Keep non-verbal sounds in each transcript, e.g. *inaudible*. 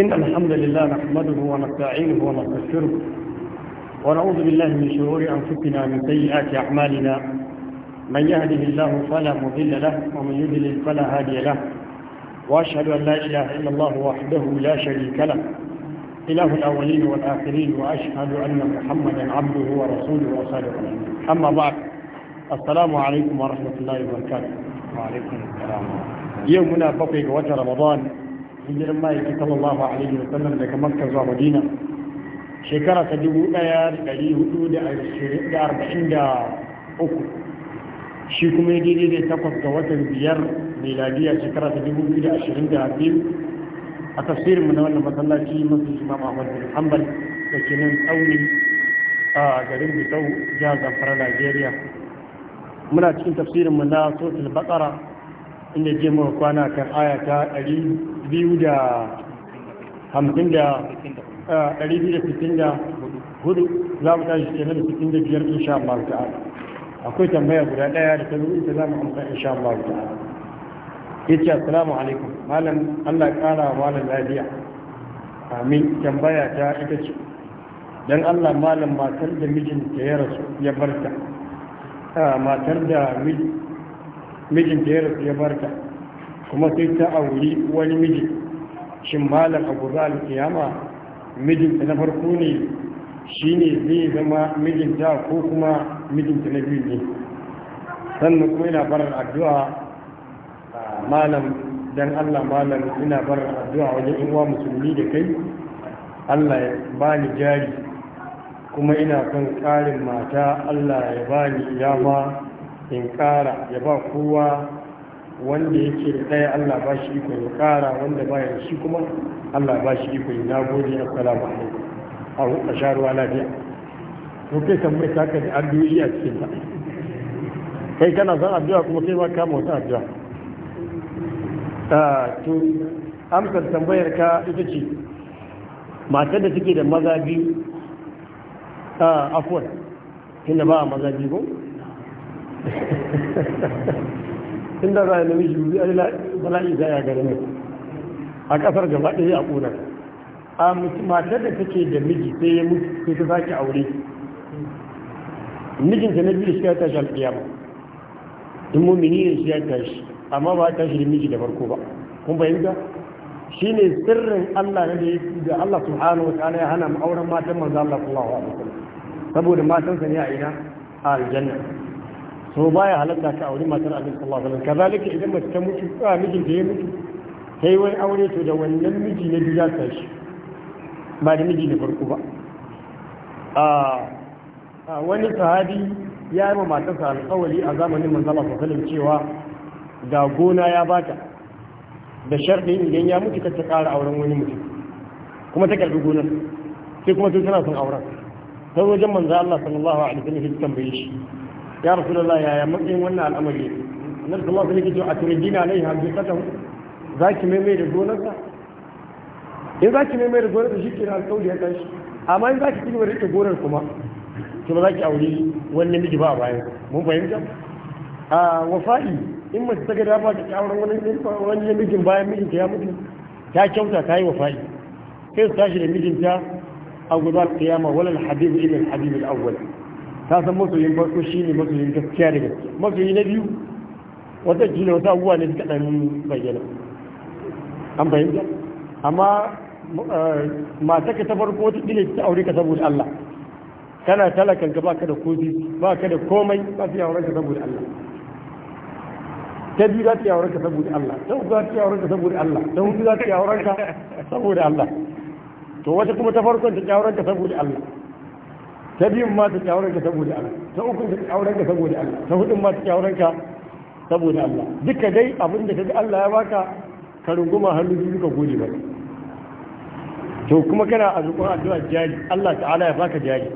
إن الحمد لله نحمده ونستعينه ونستغفره ونعوذ بالله من شرور أنفسنا من سيئات أعمالنا من يهده الله فلا مضل له ومن يضلل فلا هادي له وأشهد أن لا إله إلا الله وحده لا شريك له إله الأولين والآخرين وأشهد أن محمدا عبده ورسوله وصالح أما بعد السلام عليكم ورحمة الله وبركاته وعليكم السلام يومنا بقي وجه رمضان hijiran ma'aiki sallallahu alaihi wa sallam daga makka zuwa madina shekara ta dubu ɗaya da dari hudu da arba'in da uku shi kuma daidai da takwas ga watan biyar miladiya shekara ta dubu biyu da ashirin da biyu a tafsirinmu na wannan masallaci masu imam ahmad bin hanbal da ke nan tsauni a garin bisau jihar zamfara najeriya muna cikin tafsirinmu na sotul bakara inda je muka kwana kan aya ta ɗari biyu da hamsin da eh, ɗari biyu da sittin da hudu za mu tashi kenan da sittin da biyar insha Allah ta'ala akwai tambaya guda ɗaya da ta zo ita za mu amsa insha Allah ta'ala yace assalamu alaikum malam Allah ya kara wa malam lafiya amin tambaya ta ita ce dan Allah malam matar da mijinta ya rasu ya barta ah, matar da mijinta ya rasu ya barta kuma sai ta auri wani miji shin malam a guza alkiyama mijinta na farko ne shi ne zai zama mijinta ko kuma mijinta na biyu ne sannan kuma ina barar addu'a malam dan allah malam ina barar addu'a wajen inwa musulmi da kai allah ya bani jari kuma ina son ƙarin mata allah ya bani iyama in ƙara ya ba kowa wanda yake da ɗaya Allah ba shi iko ya ƙara wanda ba ya shi kuma Allah ba shi iko ya nagode ba ne a hukka sharuwa lafiya to kai tambayi ta ka da addu'o'i a cikin ta kai kana zan addu'a kuma kai ma kama wata addu'a ah, to amsar tambayar ka ita ce matar da take da maza biyu ah, afuwar tunda ba a maza biyu ko *laughs* in za a namiji wuri a bala'i za a gare mai a kasar gaba ɗaya a ƙunar a matar da take da miji sai ya mutu sai ta sake aure mijinta na biyu shi ya tashi alƙiyama in mumini ne shi ya tashi amma ba ta shi da miji da farko ba kun fahimta shi ne sirrin Allah ne da ya da Allah subhanahu wa ta'ala ya hana mu auren matan manzo Allah sallallahu alaihi wasallam saboda matan sa ne a ina a aljanna so baya halatta ka aure matar annabi sallallahu alaihi wasallam kazalika idan mace ta mutu a mijin da ya mutu sai wani aure to da wannan miji na biyu ta shi ba da miji na farko ba a wani sahabi ya yi wa matarsa alƙawari a zamanin manzala sallallahu cewa da gona ya bata da sharɗin idan ya mutu kar ta ƙara auren wani mutum kuma ta karɓi gonar sai kuma tun tana son auren sai wajen manzo Allah sallallahu alaihi wasallam ya tambaye shi ya rasulullah yaya matsayin wannan al'amari na sallallahu alaihi wasallam a turjina ne ha bi kata zaki mai mai da gonarsa in zaki mai mai da gonarsa shike da alƙawari ya tashi amma in zaki cigaba da rike gonar kuma to ba za ki aure wani miji ba a bayan mun fahimta a wafa'i in mace ta ga dama ta kyawar wani namijin bayan mijinta ya mutu ta kyauta ta yi wafa'i sai su tashi da mijinta a gudanar kiyama walal habibu ilin habibu ka san masoyin farko shine masoyin gaskiya da gaske masoyi na biyu wata kila wata abubuwa ne suka dan bayyana an bayyana amma eh, mata ka ta farko wata kila ta aure ka saboda Allah kana talakan ka baka da kofi baka da komai ba ta yawon ka saboda Allah ta biyu za ta yawon ka saboda Allah ta uku za ta yawon ka saboda Allah ta hudu za ta yawon ka saboda Allah to wata kuma ta farkon ta yawon ka saboda Allah ta biyun ma ta kyawar ka saboda Allah ta ukun ta kyawar ka saboda Allah ta hudun ma ta kyawar ka saboda Allah duka dai abin da kaga Allah ya baka ka runguma hannu biyu ka gode ba to kuma kana azukun addu'a jari Allah ta'ala ya baka jari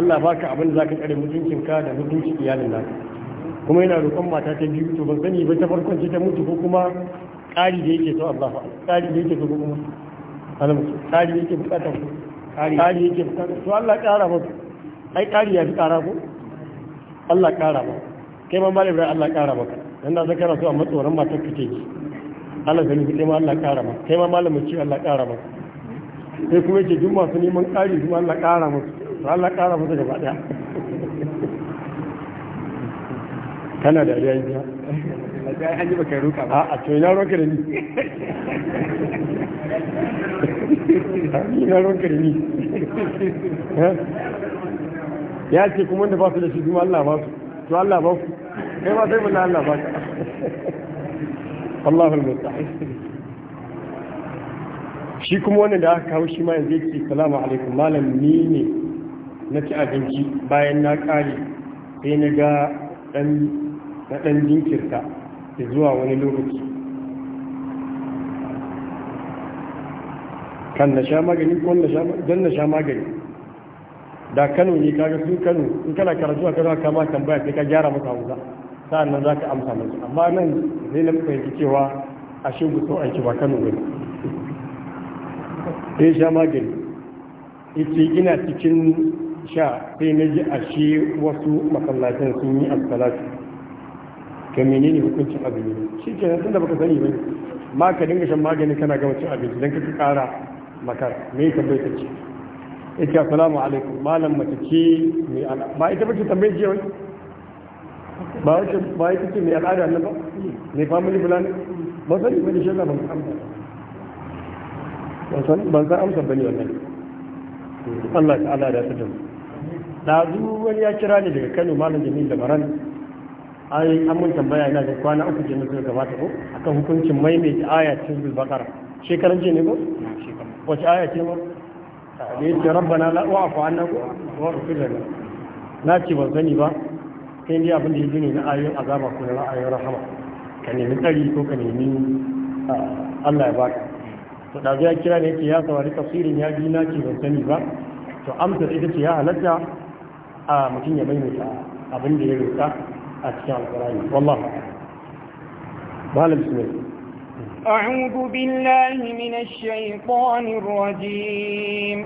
Allah baka abin da zaka tsare mutuncin ka da mutuncin iyalin naka kuma yana roƙon mata ta biyu to ban sani ba ta farkon ce ta mutu ko kuma ƙari da yake so Allah ƙari da yake so kuma alamu ƙari da yake ƙari yake Allah ƙara ba ai ƙari ya fi ƙara Allah ƙara ba kai ma Allah ƙara a Allah ma Allah ƙara kai ma Allah ƙara sai kuma yake duk masu neman ƙari Allah ƙara Allah ƙara gaba *laughs* kana da an yi baka ruka ba a to da ni *laughs* na ruwan karni ya ce kuma wanda ba su da shi kuma Allah ba su to Allah ba su kai ba sai mun Allah ba ka Allahul musta'in shi kuma wani da aka kawo shi ma yanzu yake salamu alaikum malam ni ne na ci abinci bayan na kare sai na ga ɗan na dan zuwa wani lokaci kan na sha magani ko don na sha magani da kano ne kaga sun kano in kana karatu a kano kama ma tambaya sai ka gyara maka hausa sa'an nan za ka amsa musu amma nan zai na fahimci cewa a shi gusto aiki ba kano ne sai sha magani ita ina cikin sha sai na ji a shi wasu masallacin sun yi asalatu ne menene hukuncin azumi shi ke nan tunda baka sani ba ma ka dinga shan magani kana gama cin abinci don ka kara makar me tambaye ta ce yake assalamu alaikum malam mace ce mai al'ada ba ita bace tambaye ce wai ba wace ba ita ce mai al'ada nan ba mai family plan ba sani mai shi shi ban amsa ban san amsa bane wannan Allah ta ala da ta damu ɗazu wani ya kira ni daga kano malam jamil da maran ayoyin an mun tambaya ina da kwana uku jami'in suka gabata ko akan hukuncin maimaita ayatul cikin bakara shekaran jiya ne ko wace aya ce ba da yake rabbana la wa afa kuwa wa rufil lana na ce ban sani ba sai ne abin da ya gini na ayoyin azaba ko na ayoyin rahama ka nemi tsari ko ka nemi ah, Allah ya ba ka to da ya kira ne yake ya saurari tafsirin ya ji na ce ban sani ba to amsar ita ce ya halatta a mutum ya maimaita abin da ya roƙa a cikin alƙur'ani wallahi malam bismillah أعوذ بالله من الشيطان الرجيم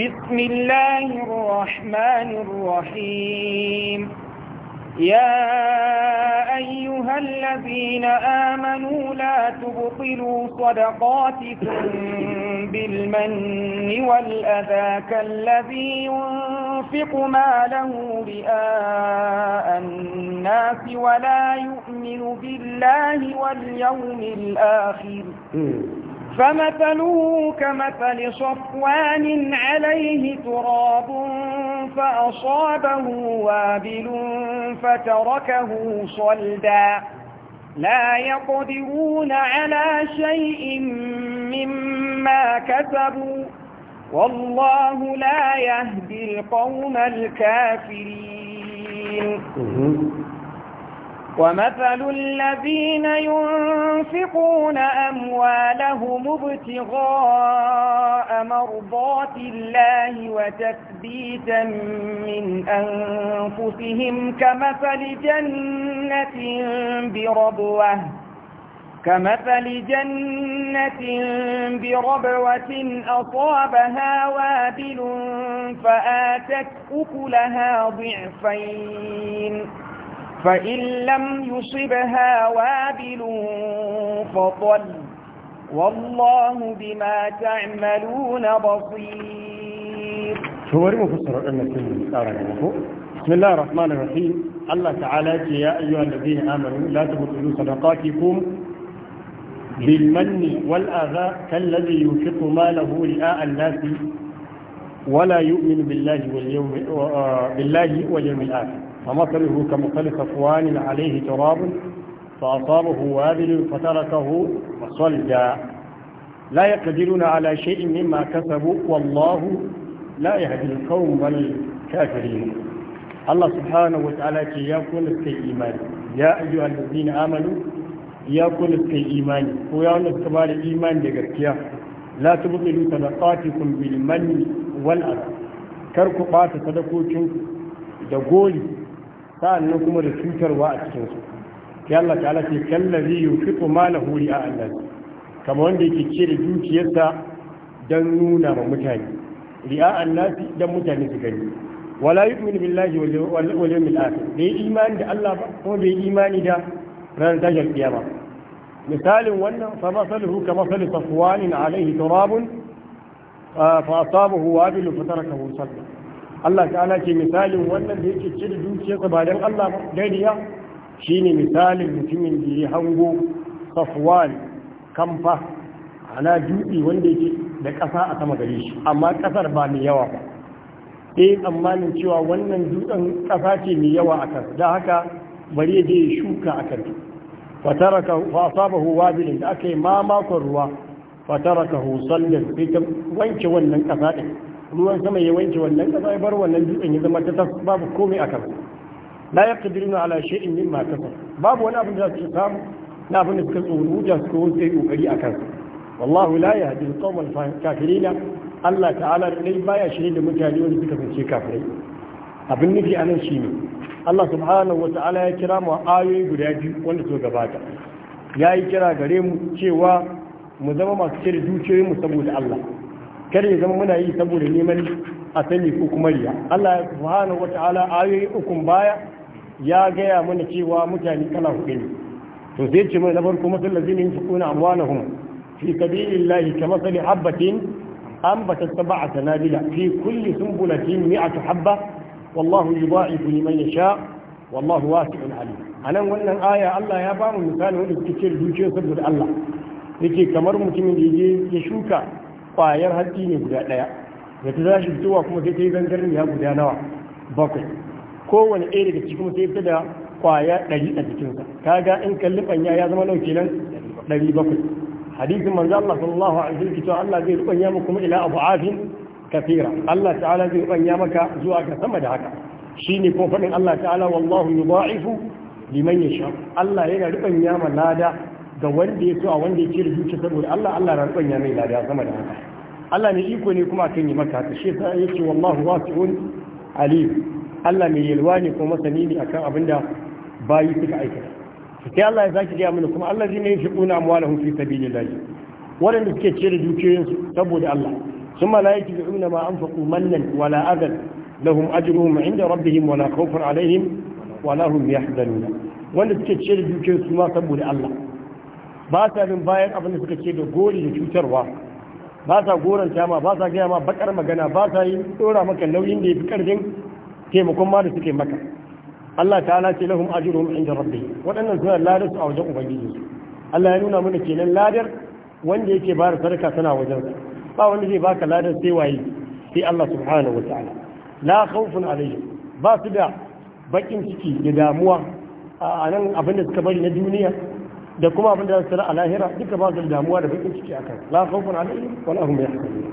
بسم الله الرحمن الرحيم يا أيها الذين آمنوا لا تبطلوا صدقاتكم بالمن والأذى كالذي ينفق ماله رئاء الناس ولا يؤمن بالله واليوم الآخر فمثله كمثل صفوان عليه تراب فأصابه وابل فتركه صلدا لا يقدرون على شيء مما كسبوا والله لا يهدي القوم الكافرين ومثل الذين ينفقون أموالهم ابتغاء مرضات الله وتثبيتا من أنفسهم كمثل جنة بربوة كمثل جنة بربوة أصابها وابل فآتت أكلها ضعفين فإن لم يصبها وابل فطل والله بما تعملون بصير شواري مفسر أن بسم الله الرحمن الرحيم الله تعالى يا أيها الذين آمنوا لا تبطلوا صدقاتكم بالمن والآذى كالذي ينفق ماله رئاء الناس ولا يؤمن بالله واليوم, آه، بالله واليوم الآخر فمطره كمثل صفوان عليه تراب فأصابه وابل فتركه صلدا لا يقدرون على شيء مما كسبوا والله لا يهدي القوم الكافرين الله سبحانه وتعالى يقول الإيمان يا أيها الذين آمنوا يقول الإيمان ويقول كبار الإيمان لقرتيا لا تبطلوا صدقاتكم بالمن والأذى كركوا قاتل صدقوكم دقولي sa'annan kuma da cutarwa a cikin su sai Allah ta'ala ce kallazi yunfiqu malahu a Allah kamar wanda yake cire dukiyarsa don nuna ma mutane ri'a Allah dan mutane su gani wala yi yu'minu billahi wajen yawmil akhir bai imani da Allah ba ko yi imani da ranar tashin kiyama misalin wannan fa masaluhu ka masal safwan alayhi turabun fa asabahu wabil fatarakahu sallallahu Allah ta'ala ce misalin wannan da yake cire dukiyarsa ba don Allah dariya shine misalin mutumin da ya hango safwan kamfa ana dutse wanda yake da ƙasa a sama gare shi amma ƙasar ba mai yawa ba eh tsammanin cewa wannan dutsen ƙasa ce mai yawa a kan da haka bari ya shuka a kan fataraka fasabahu wabilin da aka yi mamakon ruwa fataraka da sai ta wanke wannan ƙasa ɗin ruwan sama ya wanke wannan kasa ya bar wannan dutsen ya zama ta babu komai a kansa la yaqdiruna ala shay'in mimma kasa. babu wani abin da su samu na abin da suka tsoro wuta suka wuce kokari a kansa wallahu la yahdi al-qawm al Allah ta'ala dai baya shirye da mutane wanda suka fice kafirai abin nufi anan ne. Allah subhanahu wa ta'ala ya kira mu ayoyi guda biyu wanda suka gabata ya yi kira gare mu cewa mu zama masu cire dukiyoyinmu saboda Allah kar ya zama muna yi saboda neman a sani ko kuma riya Allah subhanahu wata'ala ayoyi ukun baya ya gaya mana cewa mutane kala hudu ne to zai ce mai na farko masal lazina yunfiquna amwalahum fi sabilillahi a sanadida. anbatat sab'a sanabila fi kulli sunbulatin mi'atu habba wallahu yudha'ifu liman yasha wallahu wasi'un alim anan wannan aya Allah ya ba mu misali wanda suke cire dukiyar saboda Allah yake kamar mutumin da ya shuka ƙwayar hatsi ne guda ɗaya da ta za shi fitowa kuma sai ta yi zangarin ya guda nawa bakwai kowane ɗaya daga cikin sai fita da kwaya ɗari a jikinsa ga in kallifan ya ya zama nau kenan ɗari bakwai hadisin manzo Allah sallallahu alaihi wasallam cewa Allah zai rubanya muku kuma ila abu afin kafira Allah ta'ala zai rubanya maka zuwa ga sama da haka shine ko faɗin Allah ta'ala wallahu yudha'ifu liman yasha Allah yana rubanya ma lada ga wanda ya so a wanda ya ce da zuciya saboda Allah Allah rantsan ya mai lada sama da haka Allah ne iko ne kuma kan yi maka ta shi sai ya ce wallahu wasi'un alim Allah mai yalwa ne kuma masani ne akan abin da bayi suka aikata sai Allah ya zaki ga mun kuma Allah ne ya shiquna amwalahum fi sabilillah wanda suke ce da dukiyoyinsu saboda Allah sun malaiki da inna ma anfaqu mannan wala adan lahum ajruhum inda rabbihim wala khawfun alaihim wala hum yahzanun wanda suke ce da dukiyoyinsu ma saboda Allah ba sa bin bayan abin da suka ce da gori da cutarwa ba sa goranta ma ba sa gaya ma bakar magana ba sa yi tsora maka nauyin da ya fi karfin taimakon ma da suke maka Allah ta'ala ce lahum ajruhum inda rabbi waɗannan suna ladar su a wajen ubangiji Allah ya nuna mana kenan ladar wanda yake da sadaka tana wajen ba wanda zai baka ladar sai waye sai Allah subhanahu wataala la khawfun alayhi ba su da bakin ciki da damuwa a nan abin da suka bari na duniya da kuma abin da zai a lahira duka ba su da damuwa da bakin ciki akan la khawfun alaihim wala hum yahzanun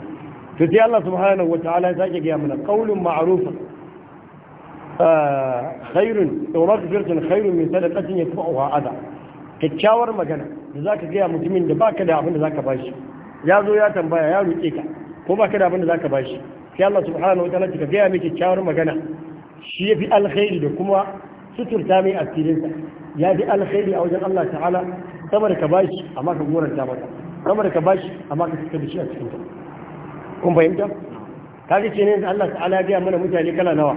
to sai Allah subhanahu ta'ala ya sake ga mana qaulun ma'rufun ah, khairun wa maghfiratun khairun min sadaqatin yatba'uha adha kyakkyawar magana da zaka ga mutumin da baka da abin da zaka bashi ya zo ya tambaya ya roƙe ka ko baka da abin da zaka bashi sai Allah subhanahu ta'ala ka ga miki kyakkyawar magana shi yafi alkhairi da kuma suturta mai asirinsa ya fi alkhairi a wajen Allah ta'ala samar ka bashi amma ka ta mata samar ka bashi amma ka suka bishi a cikin ta kun fahimta ka ji ce ne Allah ta'ala ya gaya mana mutane kala nawa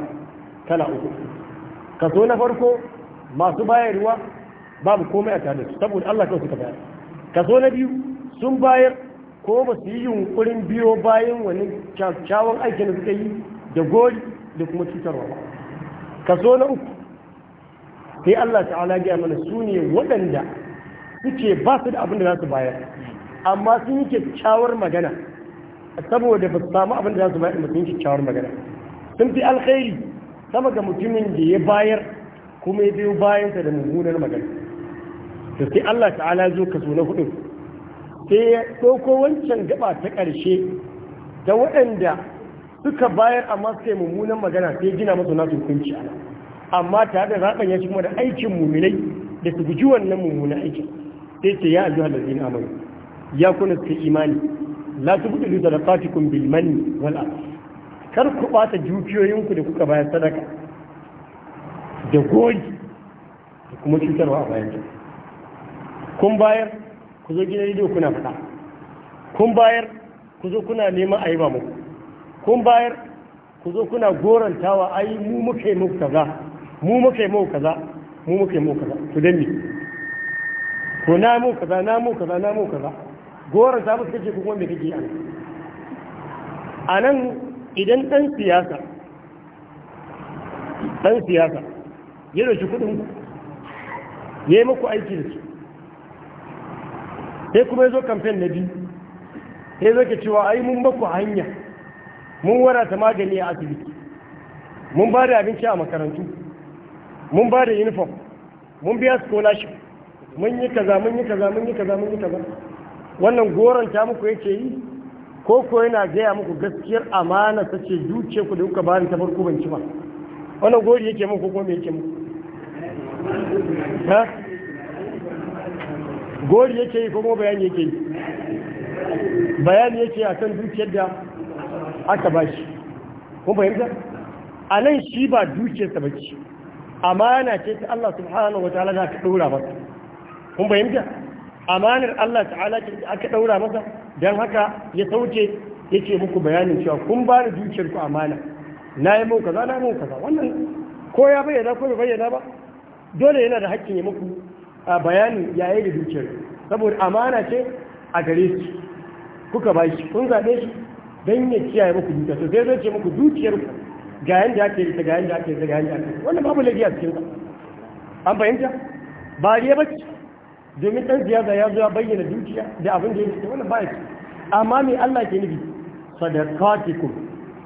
kala uku kaso na farko masu bayarwa babu komai a tare su saboda Allah kawai suka bayar kaso na biyu sun bayar ko ba su yi yunkurin biyo bayan wani kyakkyawan aikin da suka yi da gori da kuma cutarwa ba kaso na uku sai Allah ta'ala gaya mana su ne waɗanda suke ba su da abin da za su bayar amma sun yi kyakkyawar magana saboda ba su samu abin da za su bayar amma sun yi kyakkyawar magana sun fi alkhairi sama ga mutumin da ya bayar kuma ya biyo bayansa da mummunar magana to sai Allah ta'ala zo kaso na hudu sai ya ɗauko wancan gaba ta ƙarshe da waɗanda suka bayar amma suka yi mummunan magana sai gina masu nasu hukunci a amma tare da zaɓen ya kuma da aikin mummunai da su guji wannan mummunan aikin sai ce ya ayyuhal ladina amanu ya kuna su imani la tubdilu da fatikun manni wala. kar ku ɓata jukiyoyinku da kuka bayar sadaka da goyi da kuma cutarwa a bayan kun bayar ku zo gina rediyo kuna faɗa kun bayar ku zo kuna neman a yi ba muku kun bayar ku zo kuna gorantawa ai mu muka yi muku kaza mu muka yi mu kaza mu muka yi mu kaza to dan ko na mu kaza na mu kaza na mu kaza goran ta musu kace kuma me kake yi a nan idan dan siyasa dan siyasa ya roki kudin ku ya yi muku aiki da su sai kuma ya zo kamfen na biyu sai zo ke cewa ai mun baku hanya mun wara ta magani a asibiti mun ba da abinci a makarantu mun ba da uniform mun biya scholarship mun yi kaza mun yi kaza mun yi kaza mun yi kaza wannan goran ta muku yake yi ko ko yana gaya muku gaskiyar amana ta ce ku da kuka bani ta farko ban ci ba wannan gori yake muku ko me yake muku ha gori yake yi ko kuma bayani yake yi bayani yake a kan duciyar da aka bashi kun fahimta a nan shi ba dukiyarsa ba ce amana ce ta Allah subhanahu wataala za ka ɗora masa kun fahimta amanar Allah ta'ala ce da aka ɗora masa don haka ya sauke yake muku bayanin cewa kun ba da dukiyar ku amana na yi muku kaza na muku kaza wannan ko ya bayyana ko bai bayyana ba dole yana da haƙƙin ya muku bayani yayi da dukiyar saboda amana ce a gare shi kuka ba shi kun zaɓe shi don ya kiyaye muku dukiya to sai zai ce muku dukiyar ku ga yanda ake yi ga yanda ake yi ga yanda ake yi wannan babu laifi a cikin an fahimta ba riya ba domin ɗan siyasa ya zo ya bayyana dukiya da abin da ya ce wannan baya ce amma me Allah ke nufi sadaqatikum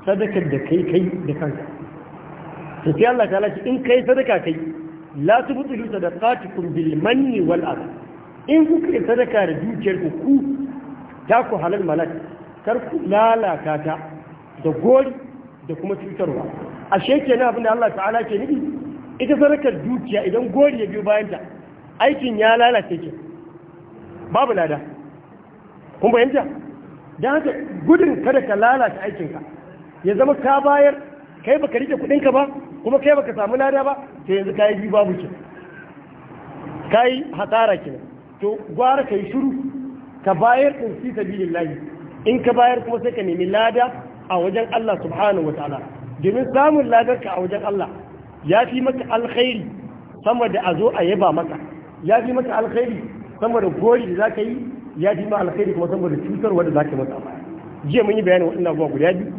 sadakar da kai kai da kanka to sai Allah ta lati in kai sadaka kai la tubtilu sadaqatikum bil manni wal adha in kuka yi sadaka da dukiyar ku ku ta ku halal malak kar ku lalata ta da gori da kuma cutarwa a shekene abin da Allah ta'ala ke nufi ita sarakar dukiya idan gori ya biyo bayan aikin ya lalace ke babu lada kun bayanta don haka gudun kada ka lalata aikinka ya zama ka bayar kai baka rike kudinka ba kuma kai baka samu lada ba to yanzu kayi biyu babu ke kayi hasara ke to gwara kai shiru ka bayar in fi lahi in ka bayar kuma sai ka nemi lada a wajen Allah subhanahu wa ta'ala domin samun ladarka a wajen Allah ya fi maka alkhairi sama da a zo a yaba maka ya fi maka alkhairi sama da gori da za ka yi ya fi ma alkhairi kuma sama da cutarwa da za ka yi maka baya jiya mun yi bayanin waɗannan abubuwa guda biyu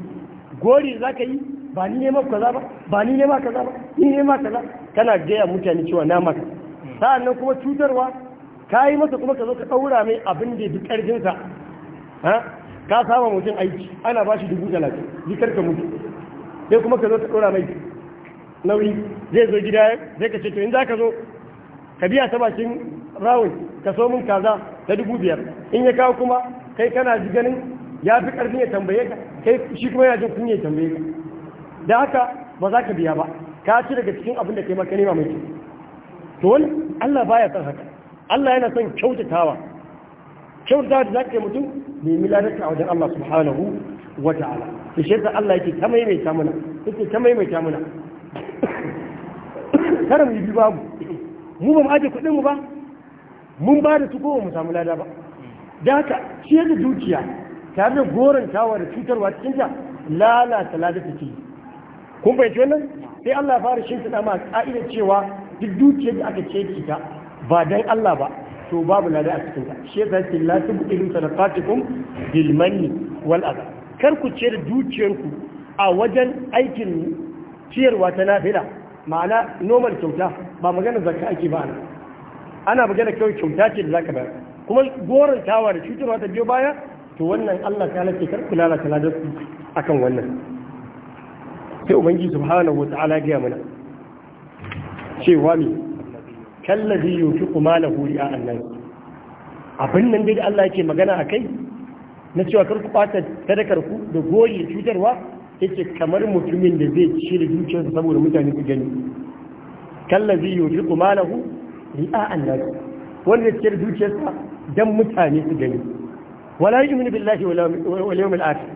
gori da za ka yi ba ni nema ka za ba ba ni nema ka za ba ni nema ma kana gaya mutane cewa na maka sa'annan kuma cutarwa ka yi masa kuma ka zo ka ɗaura mai abin da ya fi ƙarfinsa ka kama mutum aiki ana ba shi dubu talatin jikar ka mutu sai kuma ka zo ta ɗora mai nauyi zai zo gida zai ka ce to in za ka zo ka biya ta bakin rawun ka so min kaza ta dubu biyar in ya kawo kuma kai kana ji ganin ya fi ƙarfin ya tambaye ka kai shi kuma yana jin kunya ya tambaye ka da haka ba za ka biya ba ka ci daga cikin abin da kai maka nema mai to wani Allah baya son haka Allah yana son kyautatawa kyauta da zaka yi mutum nemi ladarka a wajen Allah subhanahu wa ta'ala to shi yasa Allah yake ta maimaita mana yake ta maimaita mana kar mu bi babu mu ba mu aje kuɗin mu ba mun ba da su ko mu samu lada ba da haka shi da dukiya tare da gorantawa da cutarwa cikin ta lalata lada take kun fahimci wannan sai Allah ya fara shimfiɗa ma ka'idar cewa duk dukiyar da aka ce ta ba dan Allah ba to babu lada a cikin ta shi yasa ce la tubqilu sadaqatikum bil manni wal adha kar ku ciyar dukiyarku a wajen aikin ciyarwa ta nafila ma'ana normal kyauta ba magana zakka ake ba ana magana kyau kyauta ce da zaka bayar kuma goran tawa da cutarwa ta biyo baya to wannan Allah ta halatta kar ku lalata ladar ku akan wannan sai ubangiji subhanahu wa ta'ala ya gaya mana cewa ne kallazi na malahu a annas abin nan da Allah yake magana akai na cewa kar ku bata sadakar ku da goyi cutarwa yake kamar mutumin da zai cire dukiyarsa saboda mutane su gani kallazi na malahu ri'a annas wanda ya cire dukiyarsa dan mutane su gani wala yu'minu billahi wale yawmil akhir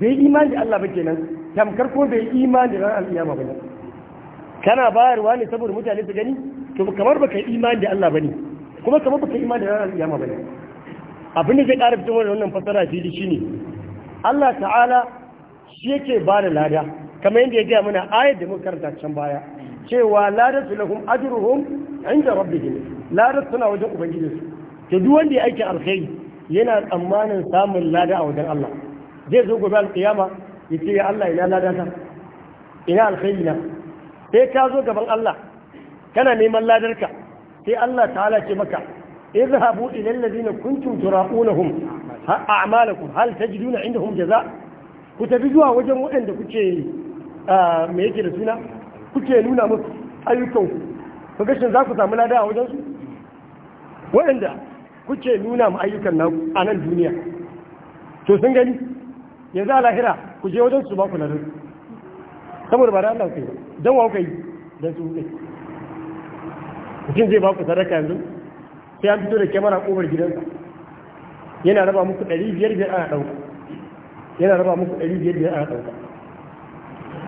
bai imani da Allah ba kenan tamkar ko bai imani da ran al'iyama ba kana bayarwa ne saboda mutane su gani to kamar baka imani da Allah bane kuma kamar baka imani da ranar kiyama bane abin da zai ƙara fitowa da wannan fasara fili shine Allah ta'ala shi yake ba da lada kamar yadda ya gaya mana ayar da muka karanta can baya cewa ladar su lahum ajruhum inda rabbihim ladar suna wajen ubangijinsu to duk wanda ya aiki alkhairi yana tsammanin samun lada a wajen Allah zai zo gobe alkiyama ya ce ya Allah ina lada ta ina alkhairi na sai ka zo gaban Allah kana neman ladarka sai Allah ta'ala ce maka izhabu ila alladhina kuntum turaqunahum a'malakum hal tajiduna indahum jaza ku tafi zuwa wajen waɗanda kuke me yake da suna kuke nuna musu ayyukan ku ga shin za ku samu ladar a wajen su waɗanda kuke nuna mu ayyukan naku a nan duniya to sun gani yanzu a lahira ku je wajen su ba ku ladar saboda ba da Allah ku yi don wa ku yi don su ne mutum zai ba ku sadaka yanzu sai an fito da kyamara kofar gidansa yana raba muku ɗari biyar biyar ana ɗauka yana raba muku ɗari ana ɗauka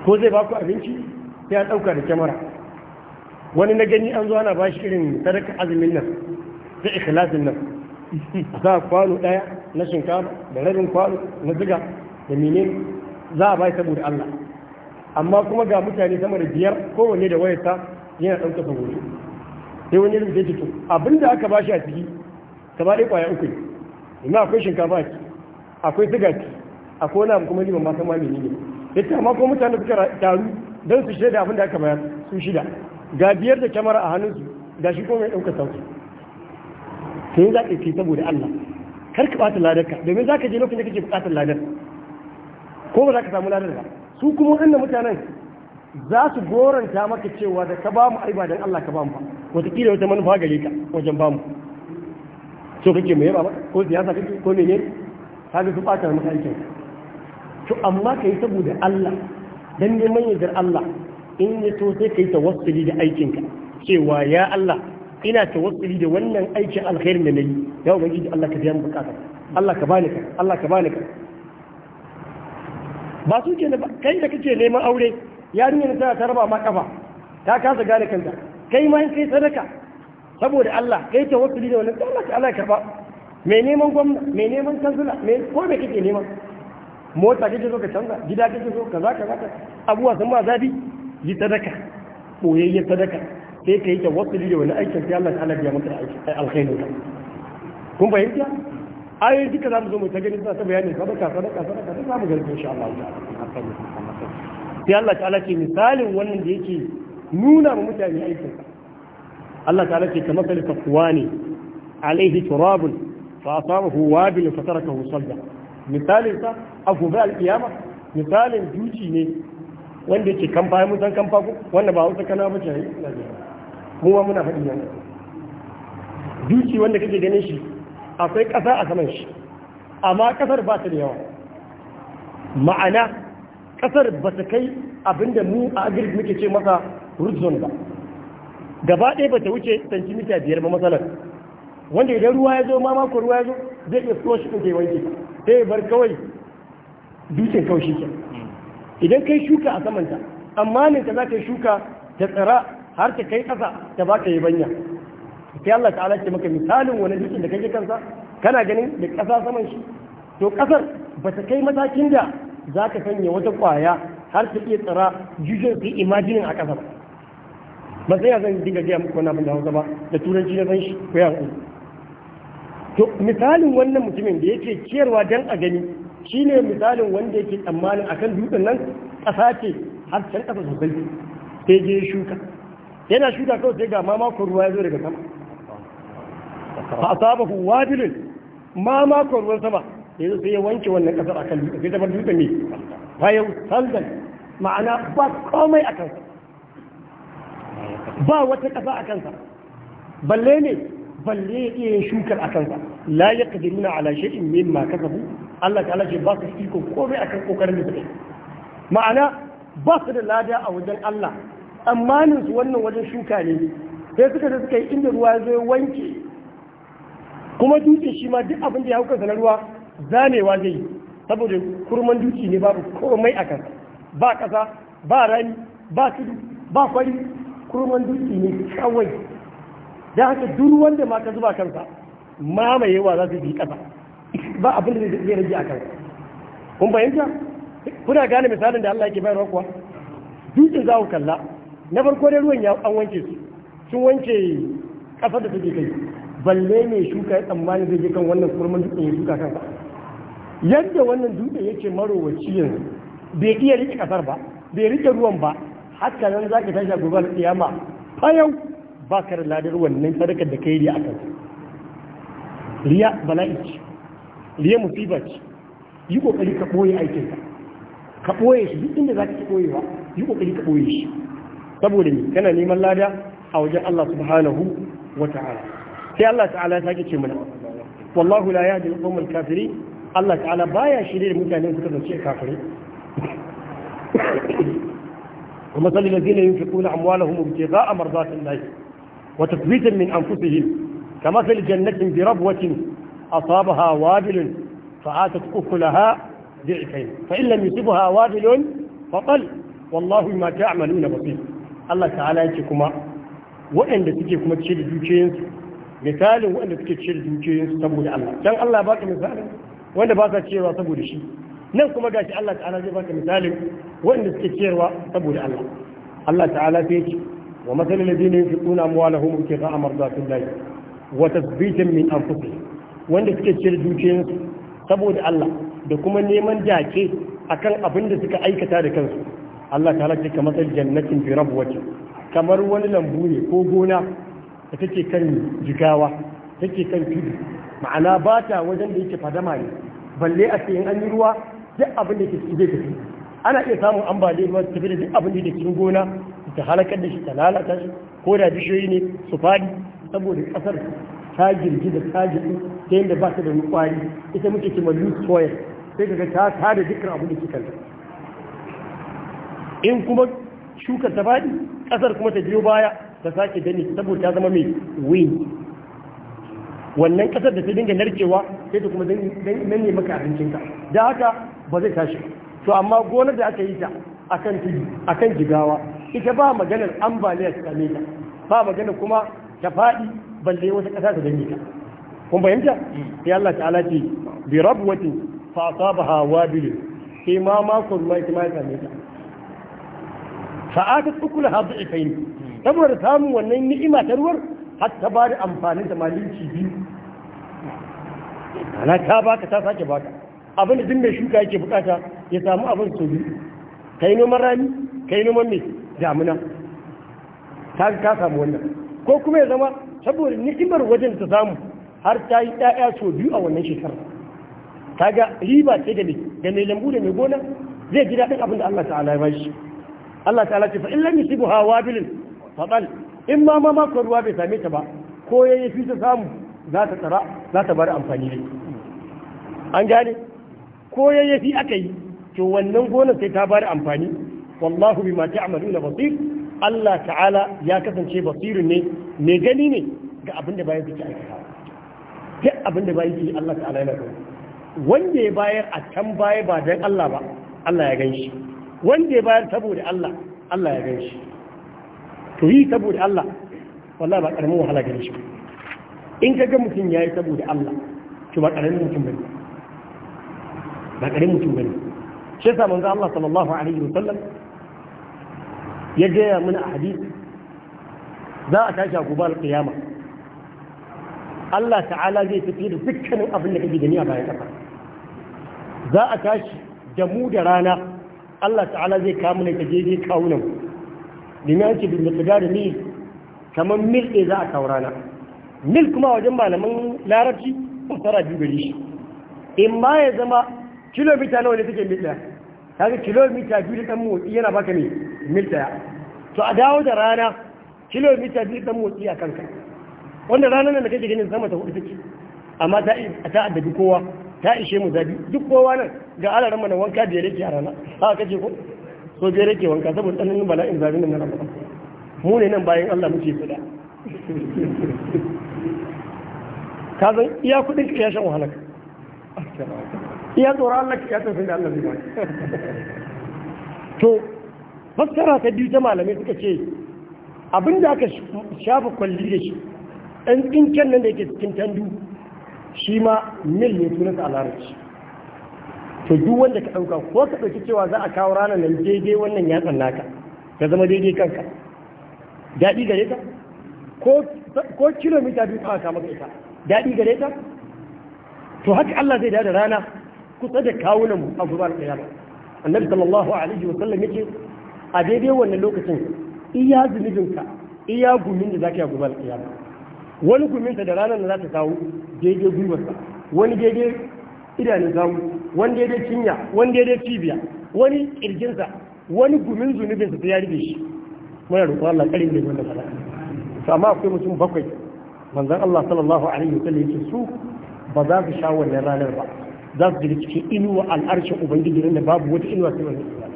ko zai ba ku abinci sai an ɗauka da kyamara wani na gani an zo ana ba shi irin sadaka azumin nan da ikhlasin nan za kwano ɗaya na shinkafa da rabin kwano na ziga da menene za a shi saboda Allah amma kuma ga mutane sama da biyar kowanne da wayarsa yana ɗauka saboda sai wani rubuta zai abinda aka ba shi a ciki gaba ɗaya ƙwaya uku ne ina akwai shinkafa a ciki akwai siga ciki akwai wani abu kuma ni masu ma san ma ne yace amma kuma mutane suka taru don su shaida abinda aka bayar su shida ga biyar da kyamara a hannunsu ga shi kuma mai ɗauka sauki sai za zaɓe fi saboda Allah kar ka ɓata ladarka domin za ka je lokacin da kake buƙatar ladar ko ba za ka samu ladar ba su kuma inda mutanen za su goranta maka cewa da ka ba mu aiba don Allah ka ba mu ba wataƙila wata manufa gare ka wajen bamu so kake mai yaba ko siyasa kake ko mene ta ga su ɓata maka aikin to amma ka yi saboda Allah dan neman yardar Allah in ya so sai ka yi ta tawassuli da aikinka cewa ya Allah ina ta tawassuli da wannan aikin alkhairin da nayi ya da Allah ka biya mu bukata Allah ka bani ka Allah ka bani ka ba su ke kai da kake neman aure yarinya ta ta raba ma kafa ta kasa gane kanta kai ma kai sadaka saboda Allah kai wasu da wannan Allah ta Allah karba mai neman gwamna mai neman kansula mai ko me kake nema mota kake zo ka canza gida kake zo kaza kaza ka abuwa sun ba zabi yi sadaka boyayyen sadaka sai ka yi wasu da wannan aikin sai Allah ta Allah ya maka alkhairin ka kun fahimta ayoyi duka za mu zo mu ta gani suna ta bayanin sadaka sadaka sadaka sai za mu ga insha Allah ta'ala Ya Allah ta'ala ke misalin wannan da yake nuna ma mutane aikin Allah ta ce kamar kali takuwa ne alaihi turabun fa asabahu wabil fa tarakahu salda misalin sa afu ga alkiyama misalin duci ne wanda yake kan bayan mu san kan fago wanda ba hausa kana ba ce mu ma muna faɗi nan duci wanda kake ganin shi akwai ƙasa a saman shi amma ƙasar ba ta da yawa ma'ana ƙasar ba ta kai abinda mu a agirgi muke ce masa rutsun ba gaba ɗaya ba ta wuce santimita biyar ba matsalar wanda idan ruwa ya zo ma mako ruwa ya zo zai iya fito shi kai wanke Ta yi bar kawai dutsen kawai shi idan kai shuka a samanta amma ne ka za ka shuka ta tsara har ta kai ƙasa ta ba ka yi banya sai Allah ta'ala ce maka misalin wani dutsen da kake kansa kana ganin da ƙasa saman shi to ƙasar ba ta kai matakin da za ka sanya wata ƙwaya har ta iya tsara jujjar ta imajinin a ƙasa ba ba sai zan dinga gaya muku wani abin da hausa ba da turanci na san shi ko yanzu. to misalin wannan mutumin da yake ciyarwa dan a gani shine misalin wanda yake tsammanin akan dutsen nan ƙasa ce har can ƙasa sosai sai je shuka yana shuka kawai sai ga mamakon ruwa ya zo daga sama fa asabahu wabilun mamakon ruwan sama yanzu sai ya wanke wannan kasar akan dutsen sai ta bar dutsen ne bayan saldan ma'ana ba komai a kansa ba wata ƙasa a kansa balle ne balle ya iya yin shukar a kansa la ya kadiruna ala ma kasa bu Allah ta'ala ce ba su iko komai kan kokarin da suke ma'ana ba su da lada a wajen Allah tsammanin su wannan wajen shuka ne sai suka da suka yi inda ruwa zai wanke kuma dutse shi ma duk abin da ya hauka na ruwa zanewa zai yi saboda kurman dutse ne babu komai a kansa ba ƙasa ba rani ba tudu ba kwari kurman dutse ne kawai da haka duk wanda ma ka zuba kansa wa za su bi kasa ba abin da zai rage a kansa kun fahimta kuna gane misalin da Allah yake bayarwa kuwa dutse za ku kalla na farko dai ruwan ya an wanke su sun wanke kasar da take kai balle mai shuka ya tsammani zai je kan wannan kurman dutse ya shuka kansa yadda wannan dutse yake marowaci yanzu bai iya rike kasar ba bai rike ruwan ba haka nan za ka tashi a gobe kiyama fayau ba ka da ladar wannan sadakar da ka yi riya a kansa riya bala'i ce riya musiba ce yi kokari ka ɓoye aikin ka ka ɓoye shi duk inda za ka ɓoye ba yi kokari ka ɓoye shi saboda ne kana neman lada a wajen Allah subhanahu wa ta'ala sai Allah ta'ala ya sake ce mana wallahu la yahdi al-qawm al-kafirin Allah ta'ala baya shirye da mutanen suka zace kafirai ومثل الذين ينفقون أموالهم ابتغاء مرضات الله وتثبيتا من أنفسهم كمثل جنة بربوة أصابها وابل فآتت أكلها ضعفين فإن لم يصبها وابل فقل والله ما تعملون بصير الله تعالى يتكما وإن تجيكما تشيل دوكينس مثال وإن تجيكما تشيل دوكينس تبول الله كان الله باقي مثالا وإن باقي تشيل وتبول شيء nan kuma gashi Allah ta'ala zai baka misalin wanda suke ciyarwa saboda Allah Allah ta'ala sai ce wa masalin ladina yunfiquna amwalahum ibtigha'a mardatillahi wa tathbitan min anfusihim wanda suke ciyar dukiyansu saboda Allah da kuma neman jake akan abin da suka aikata da kansu Allah ta'ala ce kamar jannatin fi rabwati kamar wani lambu ne ko gona da take kan jigawa take kan tudu ma'ana ba ta wajen da yake fadama ne balle a ce in an yi ruwa duk abin da ke cikin zai tafi ana iya samun ambaliyar ruwa tafi da duk abin da ke cikin gona ta halakar da shi ta lalata shi ko da bishiyoyi ne su fadi saboda kasar ta da ta jirgi ta yadda ba ta da kwari ita muke cewa loose soil sai ga ta tada dukkan abin da ke kanta in kuma shukar ta fadi kasar kuma ta biyo baya ta sake dani saboda ta zama mai wind wannan kasar da ta dinga narkewa sai ta kuma dan ne maka abincinka da haka ba zai tashi to amma gonar da aka yi ta akan jigawa ita ba maganar ambaliya ta same ta ba maganar kuma ta faɗi balle wata ƙasa ta danne ta kun fahimta Ya Allah ta'ala ce bi rabwatin fa asabaha wabil sai ma makon ruwa ita ma ya same ta fa aka tukula ha bi'ain saboda samun wannan ni'ima ta ruwar har ta ba da amfanin da malinci biyu ana ta baka ta sake baka abin da duk mai shuka yake bukata ya samu abin su biyu kai noman rani kai noman mai damuna ta ka samu wannan ko kuma ya zama saboda ni'imar wajen ta samu har ta yi ɗaya sau biyu a wannan ta ga riba ce da da mai lambu da mai gona zai ji daɗin abin da Allah ta'ala ya bashi Allah ta'ala ce fa in lam yusibu hawa wabilin bal in ma ma mako ruwa bai same ta ba ko yayi fi ta samu za ta tsara za ta bar amfani ne an gane ko yayyafi aka yi to wannan gonar sai ta bada amfani wallahu bima ta'maluna basir Allah ta'ala ya kasance basirin ne mai gani ne ga abin da bayan suke aikata duk abin da bayan suke Allah ta'ala yana gani wanda ya bayar a can baya ba don Allah ba Allah ya gan shi wanda ya bayar saboda Allah Allah ya gan shi to yi saboda Allah wallahi ba karamin wahala gare shi in ka ga mutum ya yi saboda Allah to ba karamin mutum bane ba karin mutum ba ne. shi yasa manzo Allah sallallahu alaihi wa Sallam ya gaya mana a hadisi za a tashi a gobe alƙiyama Allah ta'ala zai tafi da dukkanin abin da kake gani a bayan ƙasa za a tashi da mu da rana Allah ta'ala zai kamu ne ka jeje kawunan dina ce bin da da ni kamar mil ɗaya za a kawo rana mil kuma wajen malaman larabci kun fara biyu gari shi in ma ya zama kilomita nawa ne take mil ɗaya kaga kilomita biyu da ɗan motsi yana baka ne mil ɗaya to a dawo da rana kilomita biyu da ɗan motsi a kanka wanda ranar nan da kake ganin sama ta hudu take amma ta ta addabi kowa ta ishe mu zabi duk kowa nan ga alaran mana wanka biyar yake a rana haka kace ko so biyar yake wanka saboda tsananin bala'in zabi nan na ramadan mu ne nan bayan Allah muke fada *laughs* ka zan iya kudin ka ya shan wahala iya tsoron Allah ya tafi da Allah zai to fassara ta biyu ta malamai suka ce abinda aka shafa kwalli da shi ɗan tsinken nan da yake cikin tandu shi ma mil ne sunansa a larabci to duk wanda ka ɗauka ko ka ɗauki cewa za a kawo ranar nan daidai wannan ya naka ka zama daidai kanka daɗi gare ka ko kilomita biyu ka maka ita daɗi gare ta to haka Allah zai da rana kusa da kawunan mu a gubar kiyama annabi sallallahu alaihi wa sallam yake a daidai wannan lokacin iya zunubinka iya gumin da zaka yi a gubar kiyama wani guminta da ranar da za ta kawo daidai gwiwarsa wani daidai idanun samu wani daidai cinya wani daidai cibiya wani kirjinsa wani gumin zunubinsa ta ya rufe shi muna roƙon Allah karin da wannan fara to amma akwai mutum bakwai manzon Allah sallallahu alaihi wa sallam yake su ba za su sha wannan ranar ba za su shiga cikin inuwa al'arshin ubangiji nan da babu wata inuwa sai wani inuwa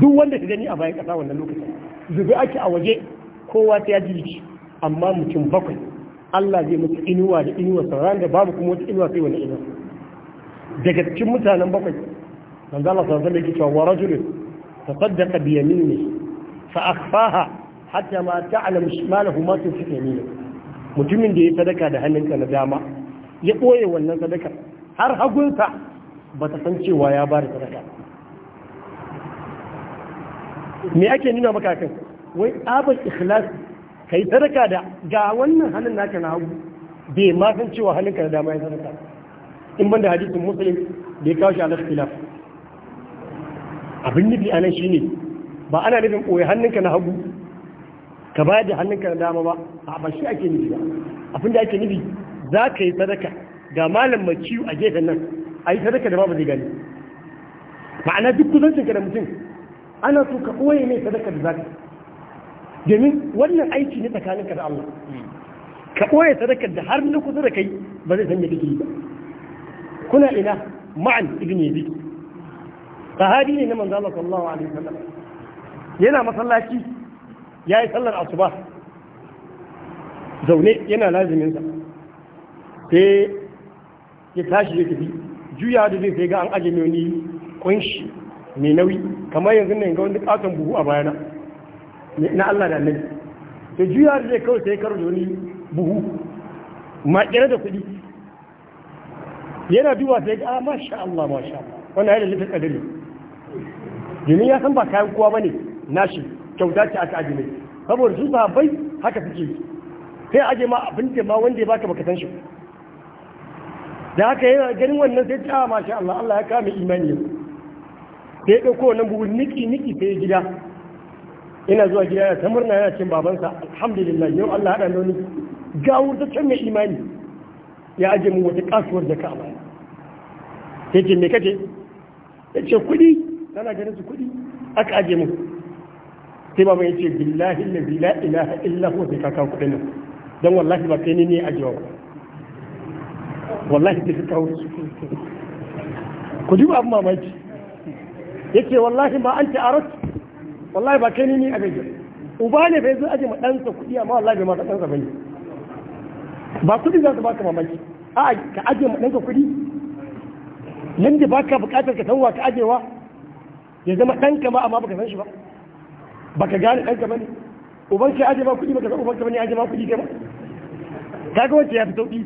duk wanda ka gani a bayan ƙasa wannan lokacin zube ake a waje kowa ta ji jiki amma mutum bakwai Allah zai mutu inuwa da inuwa sauran da babu kuma wata inuwa sai wani inuwa daga cikin mutanen bakwai manzo Allah sallallahu alaihi wasallam wa rajulun tasaddaqa bi yaminihi fa akhfaha hatta ma ta'lamu shimalahu ma tunfiq yaminihi mutumin da ya sadaka da hannunka na dama ya ɓoye wannan sadaka har hagunta ba ta san cewa ya ba da sadaka me ake nuna makakan wai abin ikhlas ka yi sadaka da ga wannan hannun naka na hagu bai ma san cewa hannunka da dama ya sadaka in da hadisin musulun da ya kawo shi alas filaf abin nufi anan ne ba ana nufin ɓoye hannunka na hagu ka bayar da hannunka na dama ba a ba shi ake nufi ba abin da ake nufi za ka yi sadaka ga malam mai ciwo a gefen nan a yi sadaka da babu zai gani ma'ana duk kusancinka da mutum ana so ka koye mai sadaka da zaka domin wannan aiki ne tsakaninka da Allah ka koye sadaka da har na kusa da kai ba zai san me kake yi ba kuna ina ma'an ibn yabi sahabi ne na manzo Allah sallallahu alaihi wasallam yana masallaci yayi sallar asuba zaune yana lazimin sa sai ya tashi ya tafi juya da zai sai ga an aje mai wani kunshi mai nauyi kamar yanzu ne ga wani katon buhu a bayana na Allah da annabi sai juya da zai kawai sai karo da wani buhu makere da kuɗi yana duba sai ga ah, masha Allah masha Allah wannan yana litar kadari domin ya san ba kayan kowa bane nashi kyauta ce aka aje mai saboda su bai haka suke sai aje ma abin da ma wanda ya baka baka san shi da haka yana ganin wannan sai ta mashi Allah Allah ya kame imani sai ɗauko wannan buhun niki niki sai gida ina zuwa gida ya ta murna yana cin babansa alhamdulillah yau Allah haɗa da wani gawur ta can mai imani ya aje mu wata kasuwar da ka'aba ya ce me kace ya ce kuɗi tana ganin su kuɗi aka aje mu sai baban ya ce billahi la ilaha illa huwa sai ka kawo kuɗin nan dan wallahi ba kai ne ne ajewa ba wallahi da suka kawo su ku ji abin mamaki yake wallahi ma an ta'arat wallahi ba kai ni a gaje uba ne bai zo aji ma ɗansa kuɗi amma wallahi bai ma ɗansa bane ba kuɗi za su baka mamaki a ka aje ma ɗansa kuɗi Nan da baka buƙatar ka tanwa ka ajewa ya zama ɗanka ma amma baka san shi ba baka gane ɗanka bane uban ka aje ma kuɗi baka san uban ka bane aje ma kuɗi kai ba kaga wacce ya fi sauƙi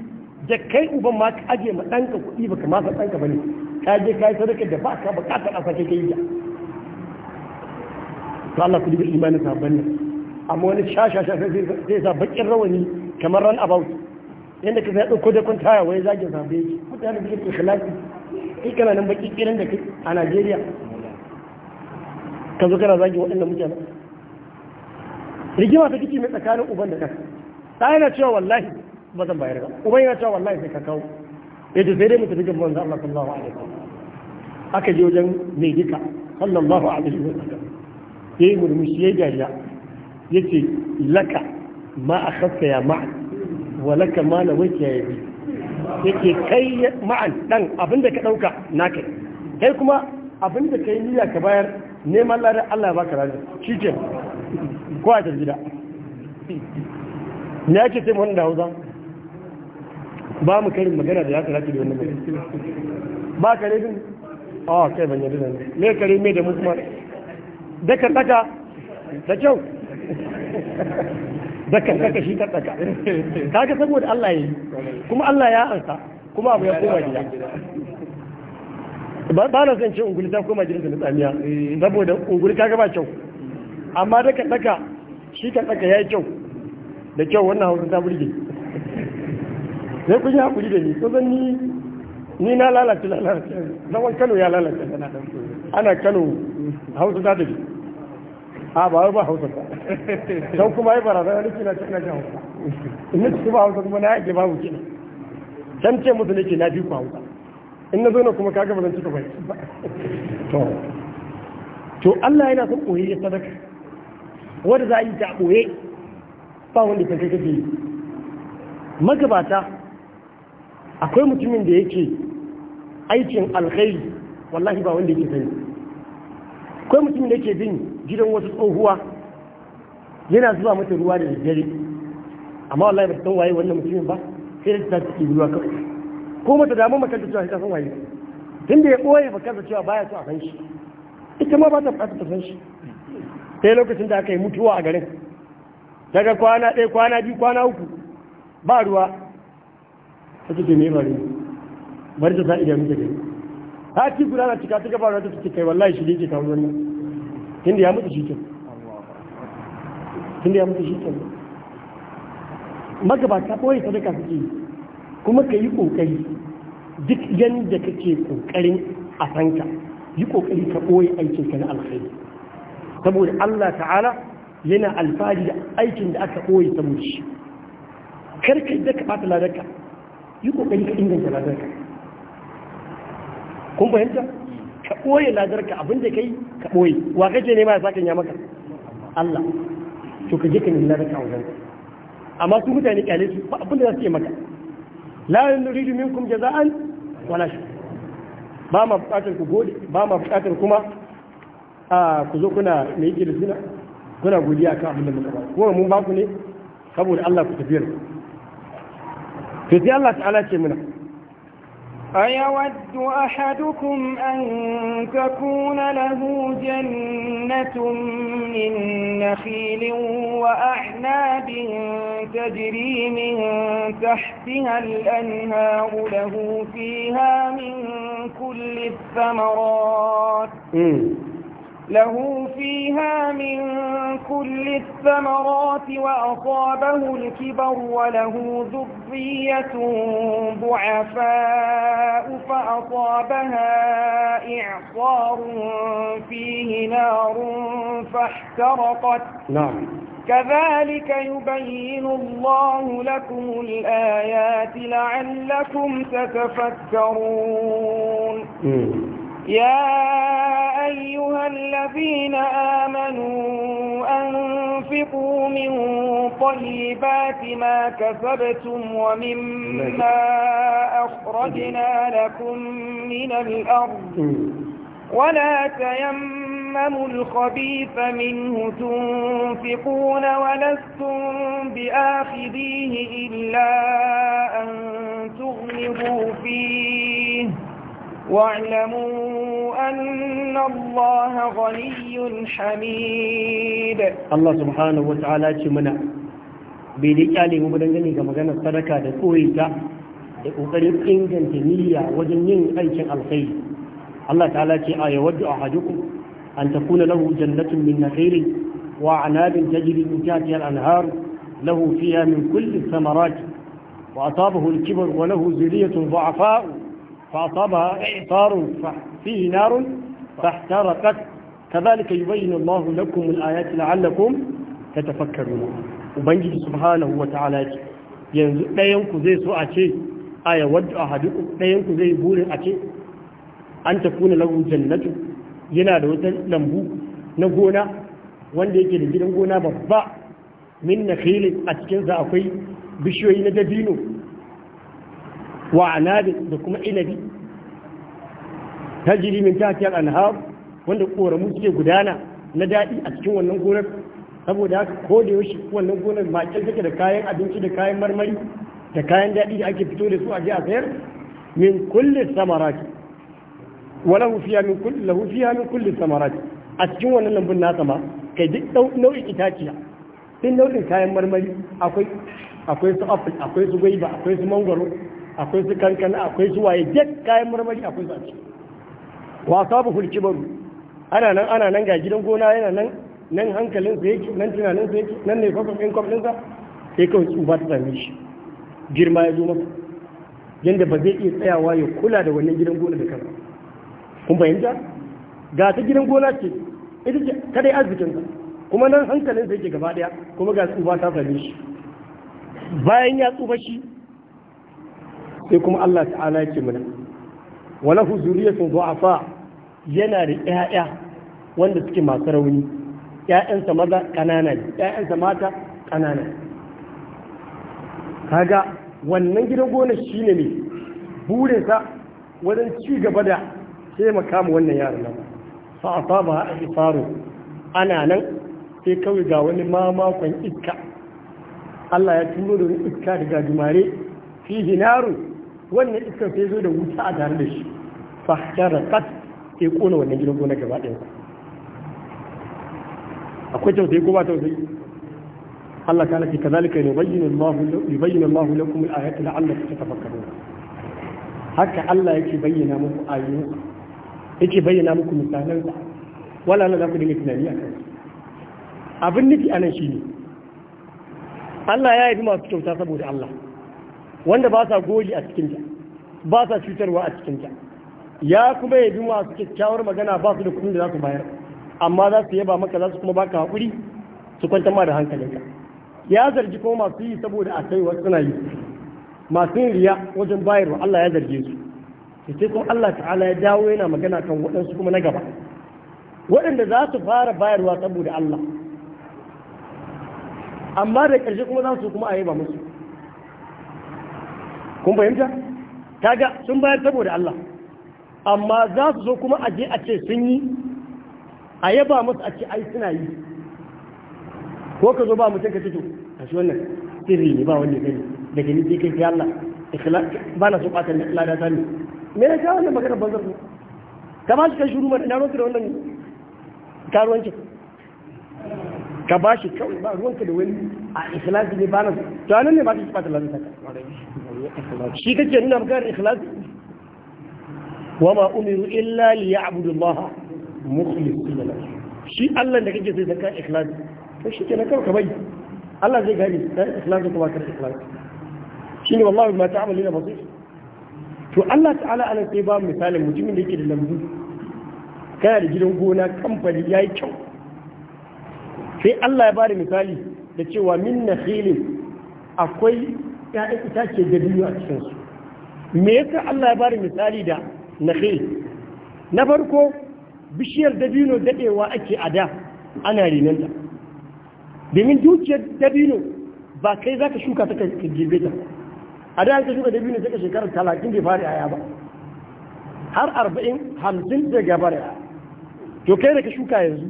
da kai uban ma ka aje ma ɗanka kuɗi ba ma sa ɗanka ne ka je ka yi sadaka da ba ka buƙatar a sake kai to Allah ku dubi imanin sahabban nan amma wani shasha shasha sai sa bakin rawani kamar ran about yadda ka sai ɗauko da kun taya wai zage sahabbai yake mutane da ke kalafi. kai kana nan baki kiran da kai a Najeriya ka zo kana zagin waɗannan mutane rigima ta kike mai tsakanin uban da kan ta yana cewa wallahi ba zan bayar ga uban ya cewa wallahi sai ka kawo ya ce sai dai mutu jin manzo Allah sallallahu alaihi wasallam aka je wajen mai dika sallallahu alaihi wasallam yayi murmushi yayi dariya yace laka ma akhafta ya ma'an wa laka ma wake ya yi yake kai ma'an dan abinda ka dauka naka kai kuma abinda kai niyya ka bayar neman ladan Allah ya baka rajin shi ke ko a gida ne ake ce mun da hausa ba mu karin magana da ya karatu da wannan ba kare din a kai ban yadda ne me kare me da mu kuma da kan daka da kyau *laughs* da kan daka shi kan daka kaga saboda Allah yayi kuma Allah ya ansa kuma abu ya koma gida ba na son ce unguli ta koma gidansa na tsamiya saboda unguli kaga ba kyau amma da kan daka shi kan daka yayi kyau da kyau wannan hausa ta burge sai kun yi hakuri da ni ko zan ni ni na lalace lalace zaman kano ya lalace ana kano hausa ta tafi a ba ba hausa ta don kuma ai barazan wani kina cikin jawo in na cikin ba hausa kuma na yake babu kina can ce musu nake na fi ku hausa in na zo na kuma kaga ba zan cika baki to to Allah yana son koyi ya sadaka wanda za a yi ta koyi ba wanda kan kai kake magabata akwai mutumin da yake aikin alkhairi wallahi ba wanda yake sani akwai mutumin da yake bin gidan wasu tsohuwa yana zuwa mata ruwa da daddare amma wallahi ba san waye wannan mutumin ba sai da ta ci ruwa kawai ko mata damu mata ta cewa ta san waye da ya ɓoye ba kansa cewa baya so a san shi ita ma ba ta fata ta san shi sai lokacin da aka yi mutuwa a garin daga kwana ɗaya kwana biyu kwana uku ba ruwa ta ce me bare bari ta sa idan muke gani ha ci guda na cika ta gabara ta ce kai wallahi shi ne ke kawo wannan tunda ya mutu shi ke tunda ya mutu shi Magaba ta ɓoye sadaka suke yi kuma ka yi ƙoƙari duk yadda ka ke ƙoƙarin a sanka yi ƙoƙari ka ɓoye aikin ka na alkhairi saboda Allah ta'ala yana alfahari da aikin da aka ɓoye saboda shi karka da ka ɓata ladarka yi kokari ka inganta ladarka kun fahimta ka ɓoye ladarka abin da kai ka ɓoye wa kake ne ma ya saka ya maka Allah to ka je ka nemi ladarka a wajen amma su mutane kyale su ba abin da za su yi maka la nuridu minkum jaza'an wala shukr ba ma bukatar ku gode ba ma bukatar kuma a ku zo kuna mai suna kuna godiya kan abin da muka ba kuma mun ba ku ne saboda Allah ku tafiyar to الله تعالى ta'ala أيود أحدكم أن تكون له جنة من نخيل وأعناب تجري من تحتها الأنهار له فيها من كل الثمرات له فيها من كل الثمرات وأصابه الكبر وله ذرية ضعفاء فأصابها إعصار فيه نار فاحترقت نعم كذلك يبين الله لكم الآيات لعلكم تتفكرون يا أيها الذين آمنوا أنفقوا من طيبات ما كسبتم ومما أخرجنا لكم من الأرض ولا تيمموا الخبيث منه تنفقون ولستم بآخذيه إلا أن تغلبوا فيه واعلموا أن الله غني حميد الله سبحانه وتعالى شمنا بلجالي مبدنجني كما كان السركة كويتا وقريب إنجن تنية وجنين أيش الخير الله تعالى شيء آية ودع أحدكم أن تكون له جنة من نخيل وعناب تجري من تحتها الأنهار له فيها من كل الثمرات وأصابه الكبر وله زرية ضعفاء فأصابها إعصار فيه نار فاحترقت كذلك يبين الله لكم الآيات لعلكم تتفكرون وبنجي سبحانه وتعالى yanzu ɗayanku zai so a ce a yawadda a ɗayanku zai burin a ce an tafi na jannatu yana da wata lambu na gona wanda yake da gidan gona babba min na filin a cikinsa akwai bishiyoyi na dabino wa anabi da kuma inabi tajiri min tahtiyal anhar wanda koramu suke gudana na daɗi a cikin wannan gonar saboda haka ko da yaushe wannan gonar makin take da kayan abinci da kayan marmari da kayan daɗi da ake fito da su a je a sayar min kulli samarati walahu fiya min kulli lahu fiya min kulli samarati a cikin wannan lambun nasa ma kai duk nau'in itaciya sun nau'in kayan marmari akwai akwai su apple akwai su gwaiba akwai su mangwaro akwai su kankana akwai su waye duk kayan marmari akwai su a ciki wasa bu hulkibaru ana nan ana nan ga gidan gona yana nan nan hankalin sa yake nan tunanin sa yake nan ne fasan ɗin kwamfin sa sai kawai ba ta same shi girma ya zo masa yadda ba zai iya tsayawa ya kula da wannan gidan gona da kansa kun fahimta ga ta gidan gona ce ita ce kadai ka. kuma nan hankalin sa yake gaba daya kuma ga ba ta same shi bayan ya tsufa shi sai kuma Allah ta'ala yake mana wala hu zuriyatun du'afa yana da ƴaƴa wanda suke masu rauni ƴaƴansa maza kanana ne ƴaƴansa mata kanana kaga wannan gidan gona shine ne sa wajen ci gaba da taimaka ma wannan yaron nan fa asaba a ifaru ana nan sai kawai ga wani mamakon iska Allah ya tuno da iska daga jumare fi hinaru wannan iskar sai zo da wuta a tare da shi fahtara kat ke kona wannan gidan gona gaba ɗaya akwai tausayi ko ba tausayi Allah ta lafi kazalika yubayyinu Allahu yubayyinu Allahu lakum al-ayati la'allakum tatafakkarun haka Allah yake bayyana muku ayoyi yake bayyana muku misalan sa wala na za ku dinga tunani a kan abin nufi anan shine Allah ya yi masu kyauta saboda Allah wanda ba sa goli a cikinta ba sa cutarwa a cikinta ya kuma yabi masu kyakkyawar magana ba su da kudin da za su bayar amma za su yaba maka za su kuma baka haƙuri su kwanta ma da hankalinka ya zargi kuma masu yi saboda a kai wasu suna yi masu yin riya wajen bayarwa Allah ya zarge su da sai kuma Allah ta'ala ya dawo yana magana kan waɗansu kuma na gaba waɗanda za su fara bayarwa saboda Allah amma da ƙarshe kuma za su kuma a yaba musu kun fahimta kaga sun bayar saboda Allah amma za su zo kuma aje a ce sun yi a yaba musu a ce ai suna yi ko ka zo ba mutum ka fito a shi wannan sirri ne ba wanda gani daga ni sai kai Allah ba na so ɓata lada ta ne me ya sha wannan magana banzar ne ka ba shi kai shuru mana na ruwanka da wannan karuwancin ka ba shi kawai ba ruwanka da wani a ikhlasi ne ba na so to anan ne ba ta ɓata lada ta shi kake nuna maganar ikhlasi wa ma umiru illa li ya'budu Allah mukhlisina lahu shi Allah da kake sai da ka ikhlasi to shi kenan kar ka Allah zai gani dan ikhlasi kuma kar ikhlasi shine wallahi ma ta'amalu na basir to Allah ta'ala ana sai ba misalin mutumin da yake da lambu kana da gidan gona kamfani yayi kyau sai Allah ya bada misali da cewa min nakhilin akwai ya'yan itace da biyu a cikinsu me yasa Allah ya bada misali da nakhil na farko bishiyar dabino dadewa ake a da ana renanta domin dukiyar dabino ba kai za ka shuka ta ka girbe ta a da ka shuka dabino ta ka shekarar talatin bai fara yaya ba har arba'in hamsin da gabar yaya to kai da ka shuka yanzu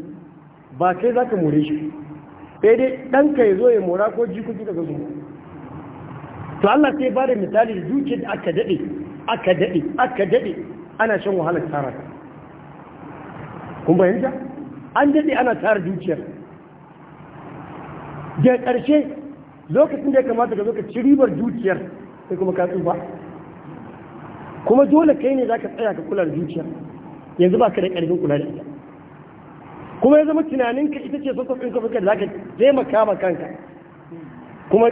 ba kai za ka more shi sai dai ɗanka ya zo ya mora ko jikoki ka zuwa to Allah sai ba da misali da dukiyar da aka daɗe aka daɗe aka daɗe ana shan wahalar tara kun bayyana an daɗe ana tara dukiyar da ƙarshe lokacin da ya kamata ka zo ka ci ribar dukiyar sai kuma ka tsufa kuma dole kai ne za ka tsaya ka kula da dukiyar yanzu ba ka da ƙarfin kula da ita kuma ya zama tunaninka ita ce sosofin kafin da za ka taimaka ma kanka kuma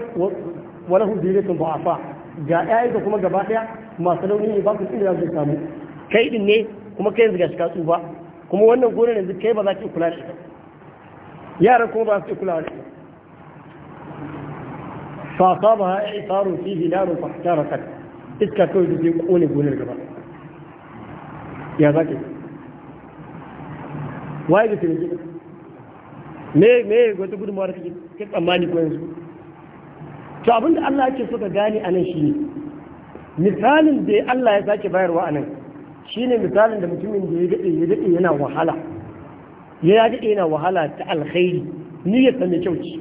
Wala wa lahum ba'a fa, ga ƴaƴanka kuma gaba daya masu rauni ne ba su inda zai samu kai din ne kuma kai yanzu gashi ka tsufa kuma wannan gonar yanzu kai ba za ki kula da ita yaran kuma ba su kula da ita fa asabaha i'sarun fihi narun fa ihtarakat iska kawai da zai kone gonar gaba ya za ki waye da tilaki me me wata gudunmawar kake tsammani ko yanzu to abinda Allah yake so ka gane anan shine misalin da Allah ya sake bayarwa a nan shi ne misalin da mutumin da ya dade ya dade yana wahala ya dade yana wahala ta alkhairi niyyar ta mai kyau ce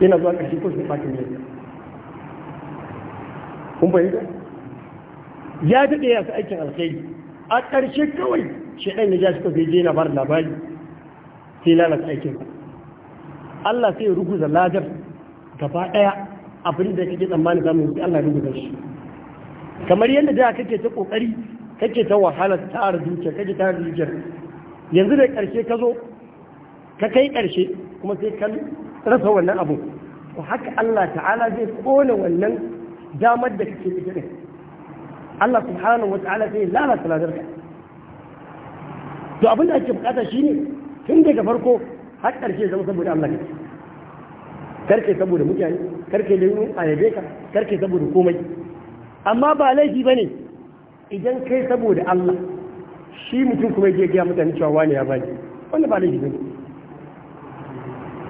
yana zuwa ƙarshe ko shi fatin ne kun fahimta ya dade ya fi aikin alkhairi a ƙarshe kawai shi shaɗan ya ja shi kawai je ba da labari sai lalata aikinsa Allah sai ya ruguza ladar gaba ɗaya abin da kake tsammani mu yi Allah ya rubuta shi kamar yadda da kake ta kokari kake ta wahala ta ara kake ta zuciya yanzu da karshe ka zo ka kai karshe kuma sai ka rasa wannan abu Ko haka Allah ta'ala zai kona wannan damar da kake ita ne Allah subhanahu wata'ala ta'ala sai lalata ladarka to abin da ake bukata shine tun daga farko har karshe zama saboda Allah ne karke saboda mutane karke da yin ayabe ka karke saboda komai amma ba laifi ba ne idan kai saboda Allah shi mutum kuma ya gaya mutane cewa wani ya bani wanda ba laifi ba ne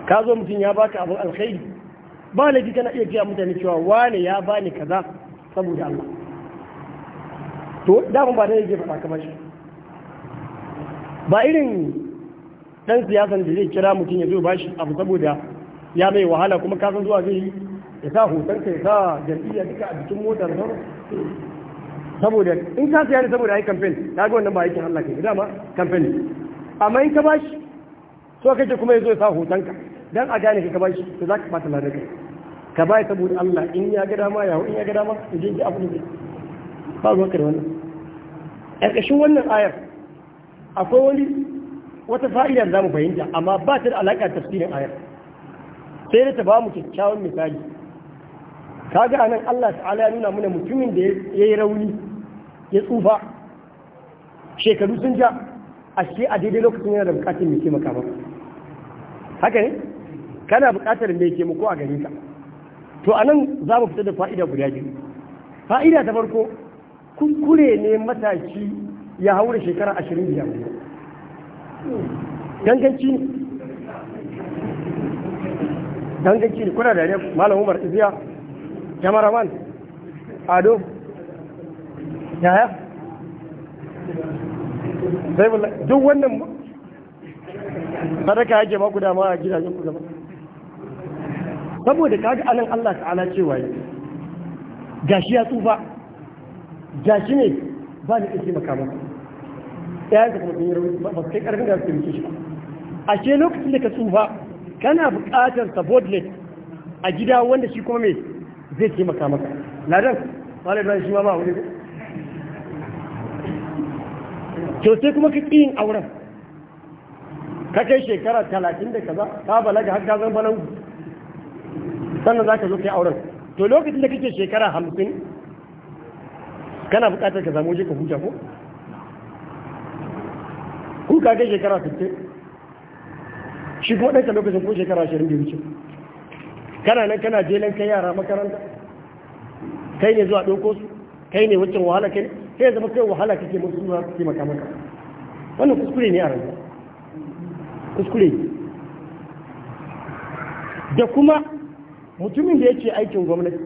ka zo mutum ya baka abin alkhairi ba laifi kana iya gaya mutane cewa wani ya bani kaza saboda Allah to daman ba da yake faɗa kamar shi ba irin dan siyasan da zai kira mutum ya zo bashi abu saboda ya mai wahala kuma san zuwa zai yi ya sa hoton ka ya sa jam'iyya duka a jikin motar sauran saboda in ka siya ne saboda ai kamfen na ga wannan ba aikin Allah ke dama kamfen amma in ka bashi so kake kuma yazo ya sa hoton ka dan a gane ka bashi to zaka bata ladan ka bai saboda Allah in ya ga dama ya in ya ga dama in ji abin da ba ga kare wannan a ƙarshen wannan ayar akwai wani wata fa'idar da zamu fahimta amma ba ta da alaƙa tafsirin ayar sai da ta ba mu kyakkyawan misali kaga anan Allah ta'ala ya nuna mana mutumin da ya yi rauni ya tsufa shekaru sun ja a shi a daidai lokacin yana da bukatar mai taimaka ba haka ne kana bukatar mai taimako a gani ka to anan za mu fita da fa'ida guda biyu fa'ida ta farko kuskure ne matashi ya haura shekara ashirin biyar ganganci ne don ganci da kuna da ne malam umar iziya jamaraman ado yaya zai duk wannan sadaka yake ba dama a gidajen ku gaba saboda kaga anan Allah ta'ala cewa yi gashi ya tsufa gashi ne ba ni ɗauke makama ɗayan ka kuma sun yi rauni ba su kai ƙarfin da su ke shi ba a ce lokacin da ka tsufa kana buƙatar subordinate a gida wanda shi kuma mai zai ce maka ladan malam ibrahim shi ma ba wani to sai kuma ka yin auren ka kai shekara talatin da kaza ka balaga har ka zan balangu sannan zaka ka zo kai auren to lokacin da kake shekara hamsin kana buƙatar ka zama waje ka huta ko ku ka kai shekara sittin shi ko ɗanka lokacin ko shekara ashirin da wuce kana nan kana jelen kai yara makaranta kai ne zuwa ɗauko su kai ne wancan wahala kai sai ya zama kai wahala kake musu zuwa kake maka maka wannan kuskure ne a ranta kuskure ne da kuma mutumin da yake aikin gwamnati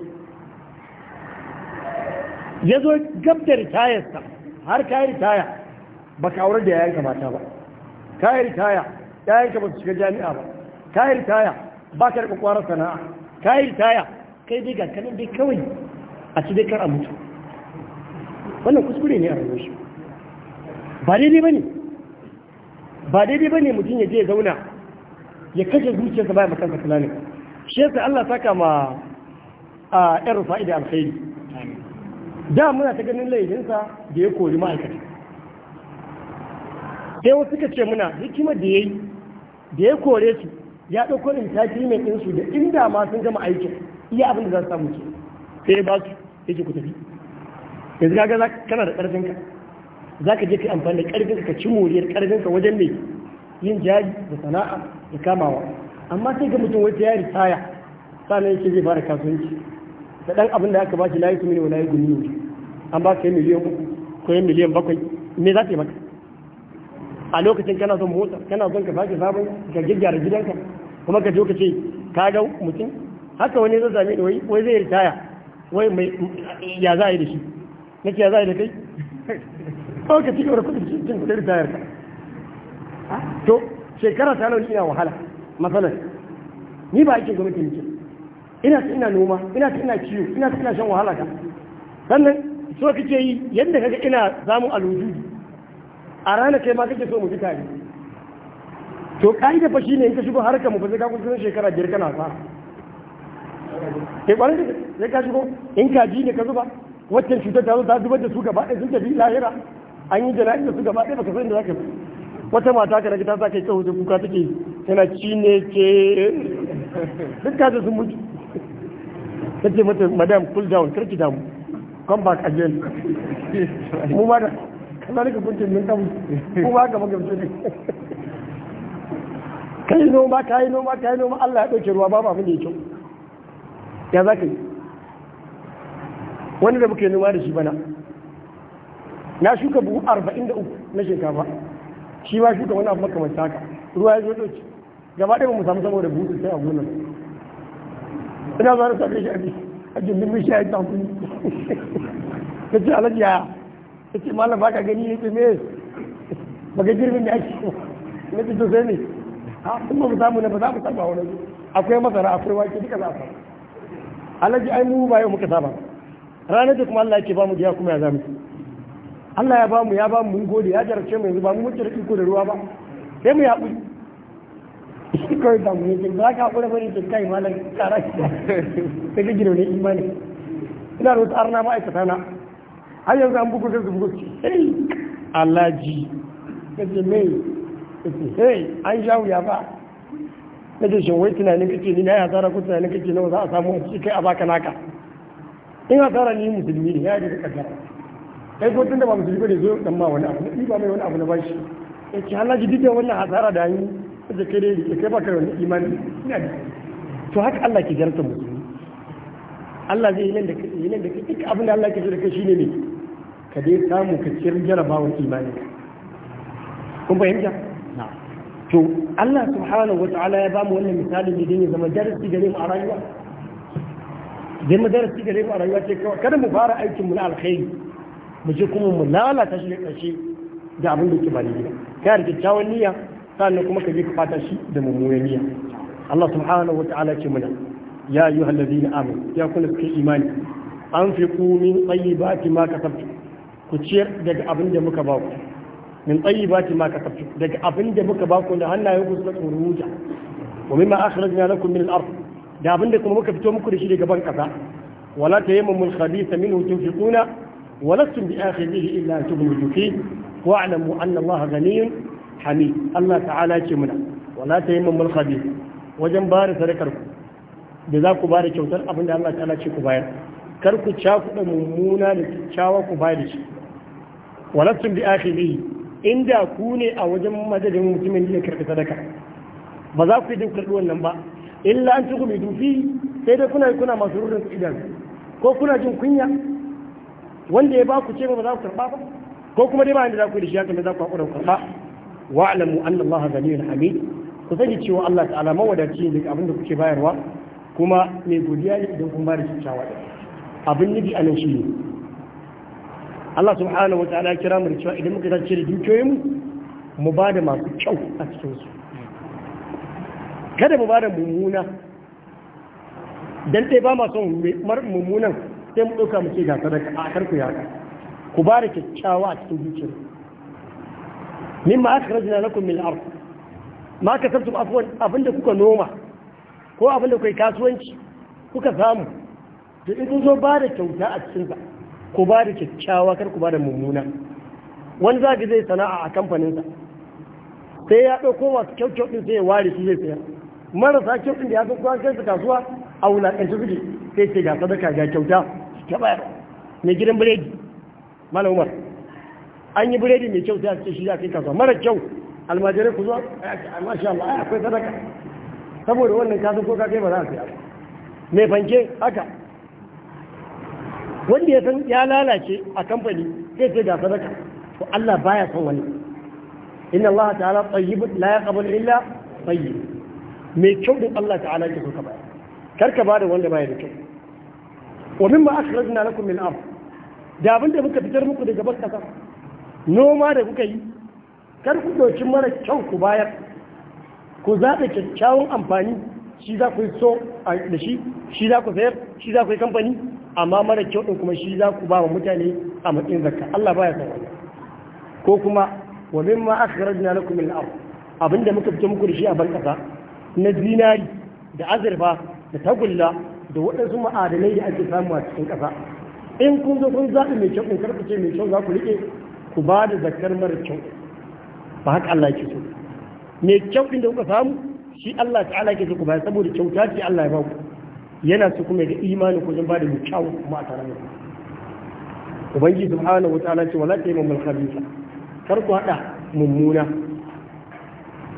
ya zo gab da ritayarsa har kayi ritaya ba ka aure da yayanka mata ba kayi ritaya ƴaƴanka ba su shiga jami'a ba ka taya ritaya ba ka da kwakwarar sana'a ka taya ritaya kai dai gankanin dai kawai a ci dai kar a mutu wannan kuskure ne a rayuwar shi ba daidai ba ne ba daidai ba ne mutum ya je zauna ya kashe zuciyarsa baya makansa fulani shi yasa Allah ta ma a ƴan rufa'i da alkhairi da muna ta ganin laifinsa da ya kori ma'aikata sai wasu suka ce muna hikimar da ya yi da ya kore su ya ɗauko in taki mai ɗinsu da inda ma sun gama aikin iya abin da za su samu ce sai ba su yake ku tafi yanzu kaga za kana da ƙarfinka za ka je ka amfani da ƙarfinka ka ci moriyar ƙarfinka wajen mai yin jari da sana'a da kamawa amma sai ga mutum wata yari taya sannan yake zai fara kasuwanci da ɗan abin da aka ba shi layi su mini wa layi gumi an ba ka yi miliyan uku ko yi miliyan bakwai me za ta yi maka a lokacin kana son motsa kana son ka sake sabon ka gyaggyara gidanka kuma ka je ka ce ka ga mutum haka wani zai sami wai wai zai ritaya wai mai ya za a yi da shi nake ya za a yi da kai *laughs* kawai ka cikin rukun cikin kudin ritayar ka to shekara ta nauyi ina wahala matsalar ni ba aikin gwamnati nake ina ta ina noma ina ta ina ciwo ina ta ina shan wahala ka sannan so kake yi yadda kaga ina samun alwujudi a ranar kai ma kake so mu bi tare to ka'ida fa shine in ka shigo harkar mu fa sai ka kusa shekara biyar kana sa kai eh, kwarin da sai ka shigo in ka ji ne ka zuba waccan cutar ta zo ta zubar da su gaba ɗaya sun tafi lahira an yi jana'i da su gaba ɗaya baka san da zaka wata mata ka ta sa kai kawo da kuka take tana ci ne ke duk ka sun mutu ta ce mata madam cool down karki damu come back again mu ma da kazalika kuntum min qabl ko ba ka magamce ne kai noma kai noma kai noma Allah ya dauke ruwa ba abin yi yake ya za yi wani da muke noma da shi bana na shuka buhu 43 uku na shinkafa shi ba shuka wani abu makamanta haka ruwa ya zo dauke gaba ɗaya mu samu saboda buhu sai a gonar ina zuwa na sa kai shi a jindin mun shi a yi tafi ta ce alaji yaya yace malam baka gani ne ce me baka girbin da ake ne ce sosai ne a kuma ba mu samu ne ba za mu saba wani akwai masara akwai wake duka za a samu alaji ai mu ba yau muka saba ranar da kuma Allah yake ba mu biya kuma ya zamu Allah ya ba mu ya ba mu mun gode ya jarabce mu yanzu ba mu muke da iko da ruwa ba sai mu ya haƙuri shi kawai da mu yake ba ka haƙura bari ke kai malam tsara ki sai ka gina ne imani ina da wata arna ma'aikata na har yanzu an bugu su bugu ce hey alaji kace mai kace hey an sha wuya ba kace shin wai tunanin kake ni na ya tsara ko tunanin kake nawa za a samu shi kai a baka naka in a tsara ni musulmi ne ya yi da kasar kai ko tunda ba musulmi ba ne zo dan ma wani abu na ba mai wani abu na bashi ce halaji duk da wannan hasara da yi kace kai dai rike kai baka da wani imani ina da to haka Allah ke jarta musulmi Allah zai yi nan da kai abin da Allah ke so da kai shine ne ka dai samu ka ciyar jarabawar imani kun fahimta to Allah subhanahu wa ta'ala ya bamu wannan misali da dai zama darasi gare mu a rayuwa dai mu darasi gare mu a rayuwa ce kawai kada mu fara aikin mu na alkhairi mu je kuma mu lalata shi ne karshe da abin da ke ba daidai ka yarda kyawun niyya sannan kuma ka je ka fata shi da mummunan niyya Allah subhanahu wa ta'ala ce mana ya ayyuhal ladina amanu ya kullu fi imani anfiqu min tayyibati ma kasabtum ku ciyar daga abin da muka ba ku min tayyibati ma kasabtu daga abin da muka baku da hannayen ku suka tsuruta wa mimma akhrajna lakum min al-ard da abin da kuma muka fito muku da shi daga ban kasa wala tayammamul khabitha minhu tunfiquna wa lastum bi akhidhihi illa tubnu fihi wa'lamu anna Allah ghaniyyun hamid Allah ta'ala ce muna wala tayammamul khabitha wajen ba da sadakar ku da za ku ba da kyautar abin da Allah ta'ala ce ku bayar kar ku cakuɗa mummuna da kyakkyawa ku bayar da shi walastum bi akhirihi inda ku ne a wajen madadin mutumin da ya karbi sadaka ba za ku yi jin karbi wannan ba illa an tuku mai dufi sai dai kuna kuna masu rurin idan ko kuna jin kunya wanda ya ba ku ce ba za ku karba ba ko kuma dai ba inda za ku yi da shi haka ne za ku haƙura ku karba wa'lamu anna Allah ghaniyyun hamid ku sani cewa Allah ta'ala wadaci ne daga abin da kuke bayarwa kuma mai godiya ne idan kun ba da kyakkyawa abin nufi a nan shi ne Allah subhanahu wataala ya kira mu cewa idan muka dace da dukiyoyin mu ba da masu kyau a cikin su kada mu ba da mummuna dan sai ba ma son mummunan sai mu dauka mu ce ga sadaka a karku ya ku ba da kyakkyawa a cikin dukiyar mimma akhrajna lakum min al-ard ma kasabtum afwan abinda kuka noma ko abinda kuka kasuwanci kuka samu to in kun zo ba da kyauta a cikin sa ku ba da kyakkyawa kar ku ba da mummuna wani za zai sana'a a kamfaninsa sai ya ɗauko masu kyau kyau ɗin sai ya ware su zai sayar marasa kyau ɗin da ya fi kuwa kai su kasuwa a wulaƙanci suke sai ce ga sadaka ga kyauta ta bayar mai gidan biredi malam umar an yi biredi mai kyau sai a ce shi ya kai kasuwa mara kyau almajirai ku zo masha Allah akwai sadaka saboda wannan kasuwa ko ka kai ba za a siya mai fanke haka wanda ya san ya lalace a kamfani zai ce ga sadaka to Allah baya son wani inna Allah ta'ala tayyib la yaqbalu illa tayyib mai kyau din Allah ta'ala ke so ka bayar kar ka bada wanda baya da kyau wa mimma akhrajna lakum min ard da abin da muka fitar muku daga bakka kasa noma da kuka yi kar ku dauki mara kyau ku bayar ku zaɓe kyakkyawan amfani shi za ku yi so da shi shi za ku sayar shi za ku yi kamfani amma mara kyau ɗin kuma shi za ku ba wa mutane a matsayin zakka Allah baya san wani ko kuma wa min mimma akhrajna lakum min al abinda muka fito muku da shi a ban kasa na zinari da azurfa da tagulla da waɗansu ma'adanai da ake samu a cikin ƙasa in kun zo kun zaɓi mai kyau in ce, mai kyau za ku riƙe ku ba da zakar mara kyau ba haka Allah ke so mai kyau ɗin da kuka samu shi Allah ta'ala ke so ku baya saboda kyauta ce Allah ya ba ku yana su kuma ga imani ko zan ba da kyau kuma a tare da ku ubangi subhanahu wa ta'ala ce wala tayyimu bil khabisa kar ku hada mummuna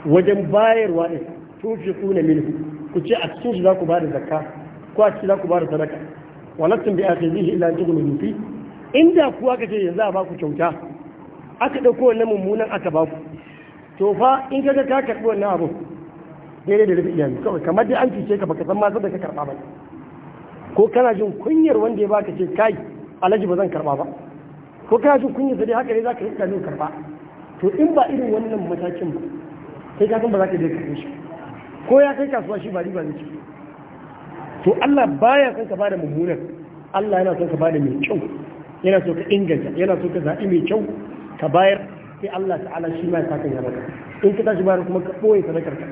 wajen bayarwa din kuna min ku ce a cikin shi za ku ba da zakka ko a cikin za ku ba da sadaka walakin bi akhizihi illa an tughlu inda ku aka ce yanzu a ba ku kyauta aka dauko wannan mummunan aka ba ku to fa in kaga ka karbi wannan abu daidai da rufe idanu kawai kamar dai an cuce ka baka san ma da ka karba ba ko kana jin kunyar wanda ya baka ce kai alaji ba zan karba ba ko kana jin kunyar sai haka ne zaka yi idanu karba to in ba irin wannan matakin ba sai ka san ba za ka je karbe shi ko ya kai kasuwa shi ba riba ne to Allah baya son ka bada mummunan Allah yana son ka bada mai kyau yana so ka inganta yana so ka zaɓi mai kyau ka bayar sai Allah ta'ala shi ma ya saka ya baka in ka tashi bayar kuma ka ɓoye sadakar ka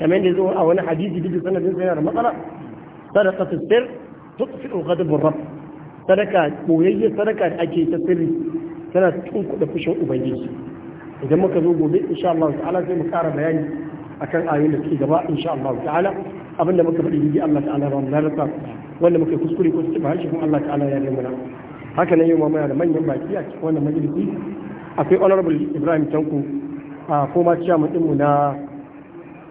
kamar yadda zo a wani hadisi duk sanadin sa yana da matsala sadaqatu sir tutfi'u ghadab sadaka da ake ta sirri tana tunkuda fushin ubangiji idan muka zo gobe insha Allah ta'ala sai mu ƙara bayani akan ayoyin da suke gaba insha Allah ta'ala abinda muka faɗi bibi Allah ta'ala ba mu lalata wanda muka kuskure ko su ba harshe Allah ta'ala ya yi mana haka nan yau ma muna da manyan baki a cikin akwai honorable Ibrahim Tanko a former mu na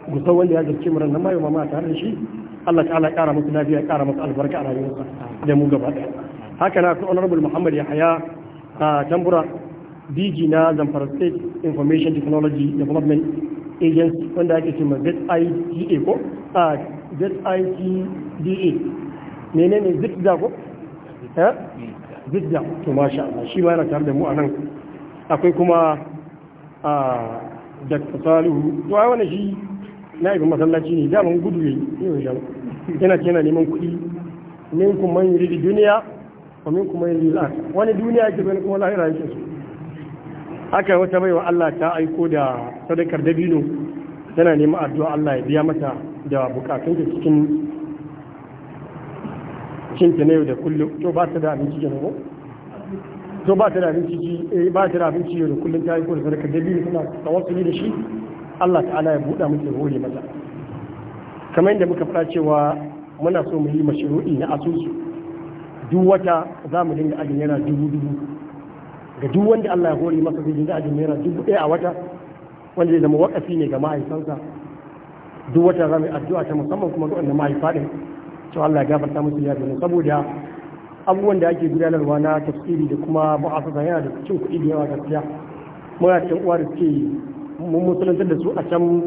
Gusa wanda ya gaske muran nan mayo mama tare da shi Allah ta'ala ya kara musu lafiya ya kara musu albarka a rayuwarsa da mu gaba daya haka na honorable Muhammad Yahaya a Tambura DG na Zamfara State Information Technology Development Agency wanda ake cewa ZITA ko a ne menene da ko eh? zita to masha Allah shi ma yana tare da mu a nan akwai kuma a Dr. Salihu to ai wannan shi na ibi masallaci ne daman gudu yi yau da yana ce yana neman kuɗi min kuma yin ridi duniya wa min kuma yin lil'ar wani duniya yake zo kuma lahira yake so haka wata wa Allah ta aiko da sadakar dabino tana neman addu'a Allah ya biya mata da bukatunta cikin cinta na yau da kullum to ba ta da abinci kenan ko to ba ta da abinci eh, ba ta da abinci yau da kullum ta aiko da sadakar dabino tana tawassuli da shi Allah ta'ala ya buɗa muke hore maza kamar yadda muka fara cewa muna so mu yi mashru'i na asusu duk wata za mu dinga ajin yana dubu dubu ga duk wanda Allah ya hori masa zai dinga ajin yana dubu ɗaya a wata wanda zai zama wakafi ne ga ma'aikansa. duk wata za mu yi addu'a ta musamman kuma ga wanda mahaifa ɗin cewa Allah ya gafarta musu ya domin saboda abubuwan da ake gudanarwa na tafsiri da kuma ba'afasa yana da cin kuɗi da yawa gaskiya muna cikin uwa da suke mun musulunta da su a can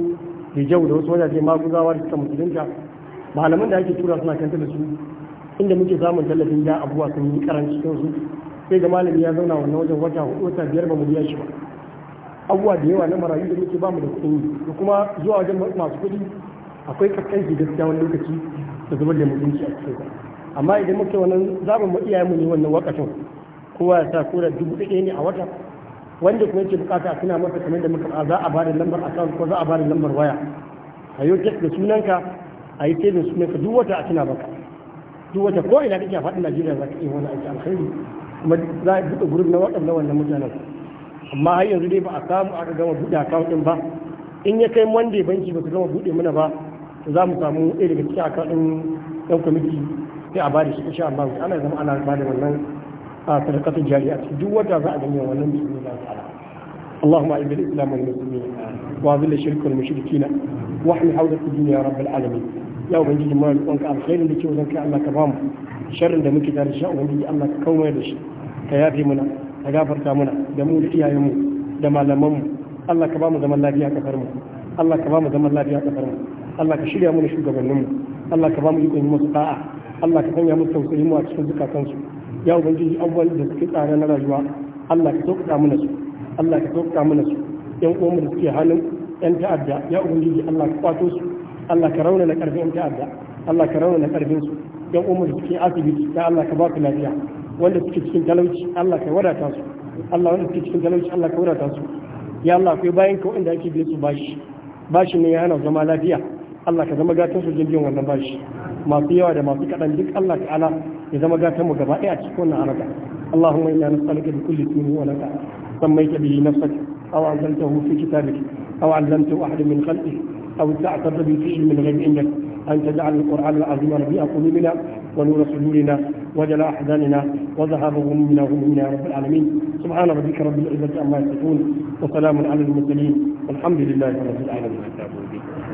hijau da wasu wajaje ku da suka musulunta malaman da ake tura suna kanta da su inda muke samun tallafin da abubuwa sun yi karanci cikin su sai ga malami ya zauna wannan wajen wata hudu wata biyar ba mu biya shi ba abubuwa da yawa na marayu da muke mu da kuɗin yi da kuma zuwa wajen masu kuɗi akwai kaskanci gaskiya wani lokaci da zubar da musulunci a cikin sa amma idan muke wannan zamu mu iyayen mu ne wannan wakacin kowa ya sa kura dubu ɗaya ne a wata wanda kuma yake bukata a tuna masa kamar da muka za a ba da lambar account ko za a ba da lambar waya a yau da sunanka a yi da sunanka duk wata a tuna baka duk wata ko ina kake a faɗin Najeriya za ka iya wani aiki alkhairi kuma za a buɗe gurbin na waɗanda wannan mutanen amma har yanzu dai ba a samu aka gama buɗe akawun ɗin ba in ya kai monday banki ba su gama buɗe mana ba za mu samu ɗaya daga cikin akawun ɗin ɗan kwamiti sai a ba da shi sha Allah ana zama ana bada wannan a jaria jariya duk wata za a ganya wannan bismillah ta'ala اللهم اعز الاسلام والمسلمين واذل الشرك والمشركين واحمي حوزه الدين يا رب العالمين يا ubangiji mu roƙonka alkhairin da ke wajenka Allah ka bamu sharrin da muke da shi ubangiji Allah ka kawo da shi ka yafe muna ka gafarta muna da mu da iyayenmu da malamanmu Allah ka bamu zaman lafiya a mu Allah ka bamu zaman lafiya a kasar Allah ka shirya mana shugabanninmu Allah ka bamu ikon yi musu da'a Allah ka sanya tausayi mu a cikin zukatansu ya ubangiji abubuwan da suke tsara na rayuwa Allah ka sauƙaƙa mana su Allah ka sauƙaƙa mana su yan uwanmu da suke halin yan ta'adda ya ubangiji Allah ka kwato su Allah ka na ƙarfin ƴan ta'adda Allah ka rauna na ƙarfin su yan uwanmu da suke asibiti ya Allah ka ba su lafiya wanda suke cikin talauci Allah ka wadata su Allah wanda suke cikin talauci Allah ka wadata su ya Allah akwai bayan ka wanda ake bi su bashi bashi ne ya hana zama lafiya Allah ka zama gatan su jirgin wannan bashi masu yawa da masu kaɗan duk Allah ala ya zama gatan mu gaba ɗaya a cikin wannan haraka Allahumma inna nas'aluka bi kulli ismin wa laka sammaita bihi nafsaka aw anzaltahu fi kitabik aw 'allamtahu ahadan min khalqik aw ta'tabta bi shay'in min ghayri indak an taj'al al-qur'ana al-'azim rabi'a qulubina wa nura sudurina وجل أحزاننا وذهاب همنا وهمنا رب العالمين سبحان ربك رب العزة عما يصفون وسلام على المرسلين والحمد لله رب العالمين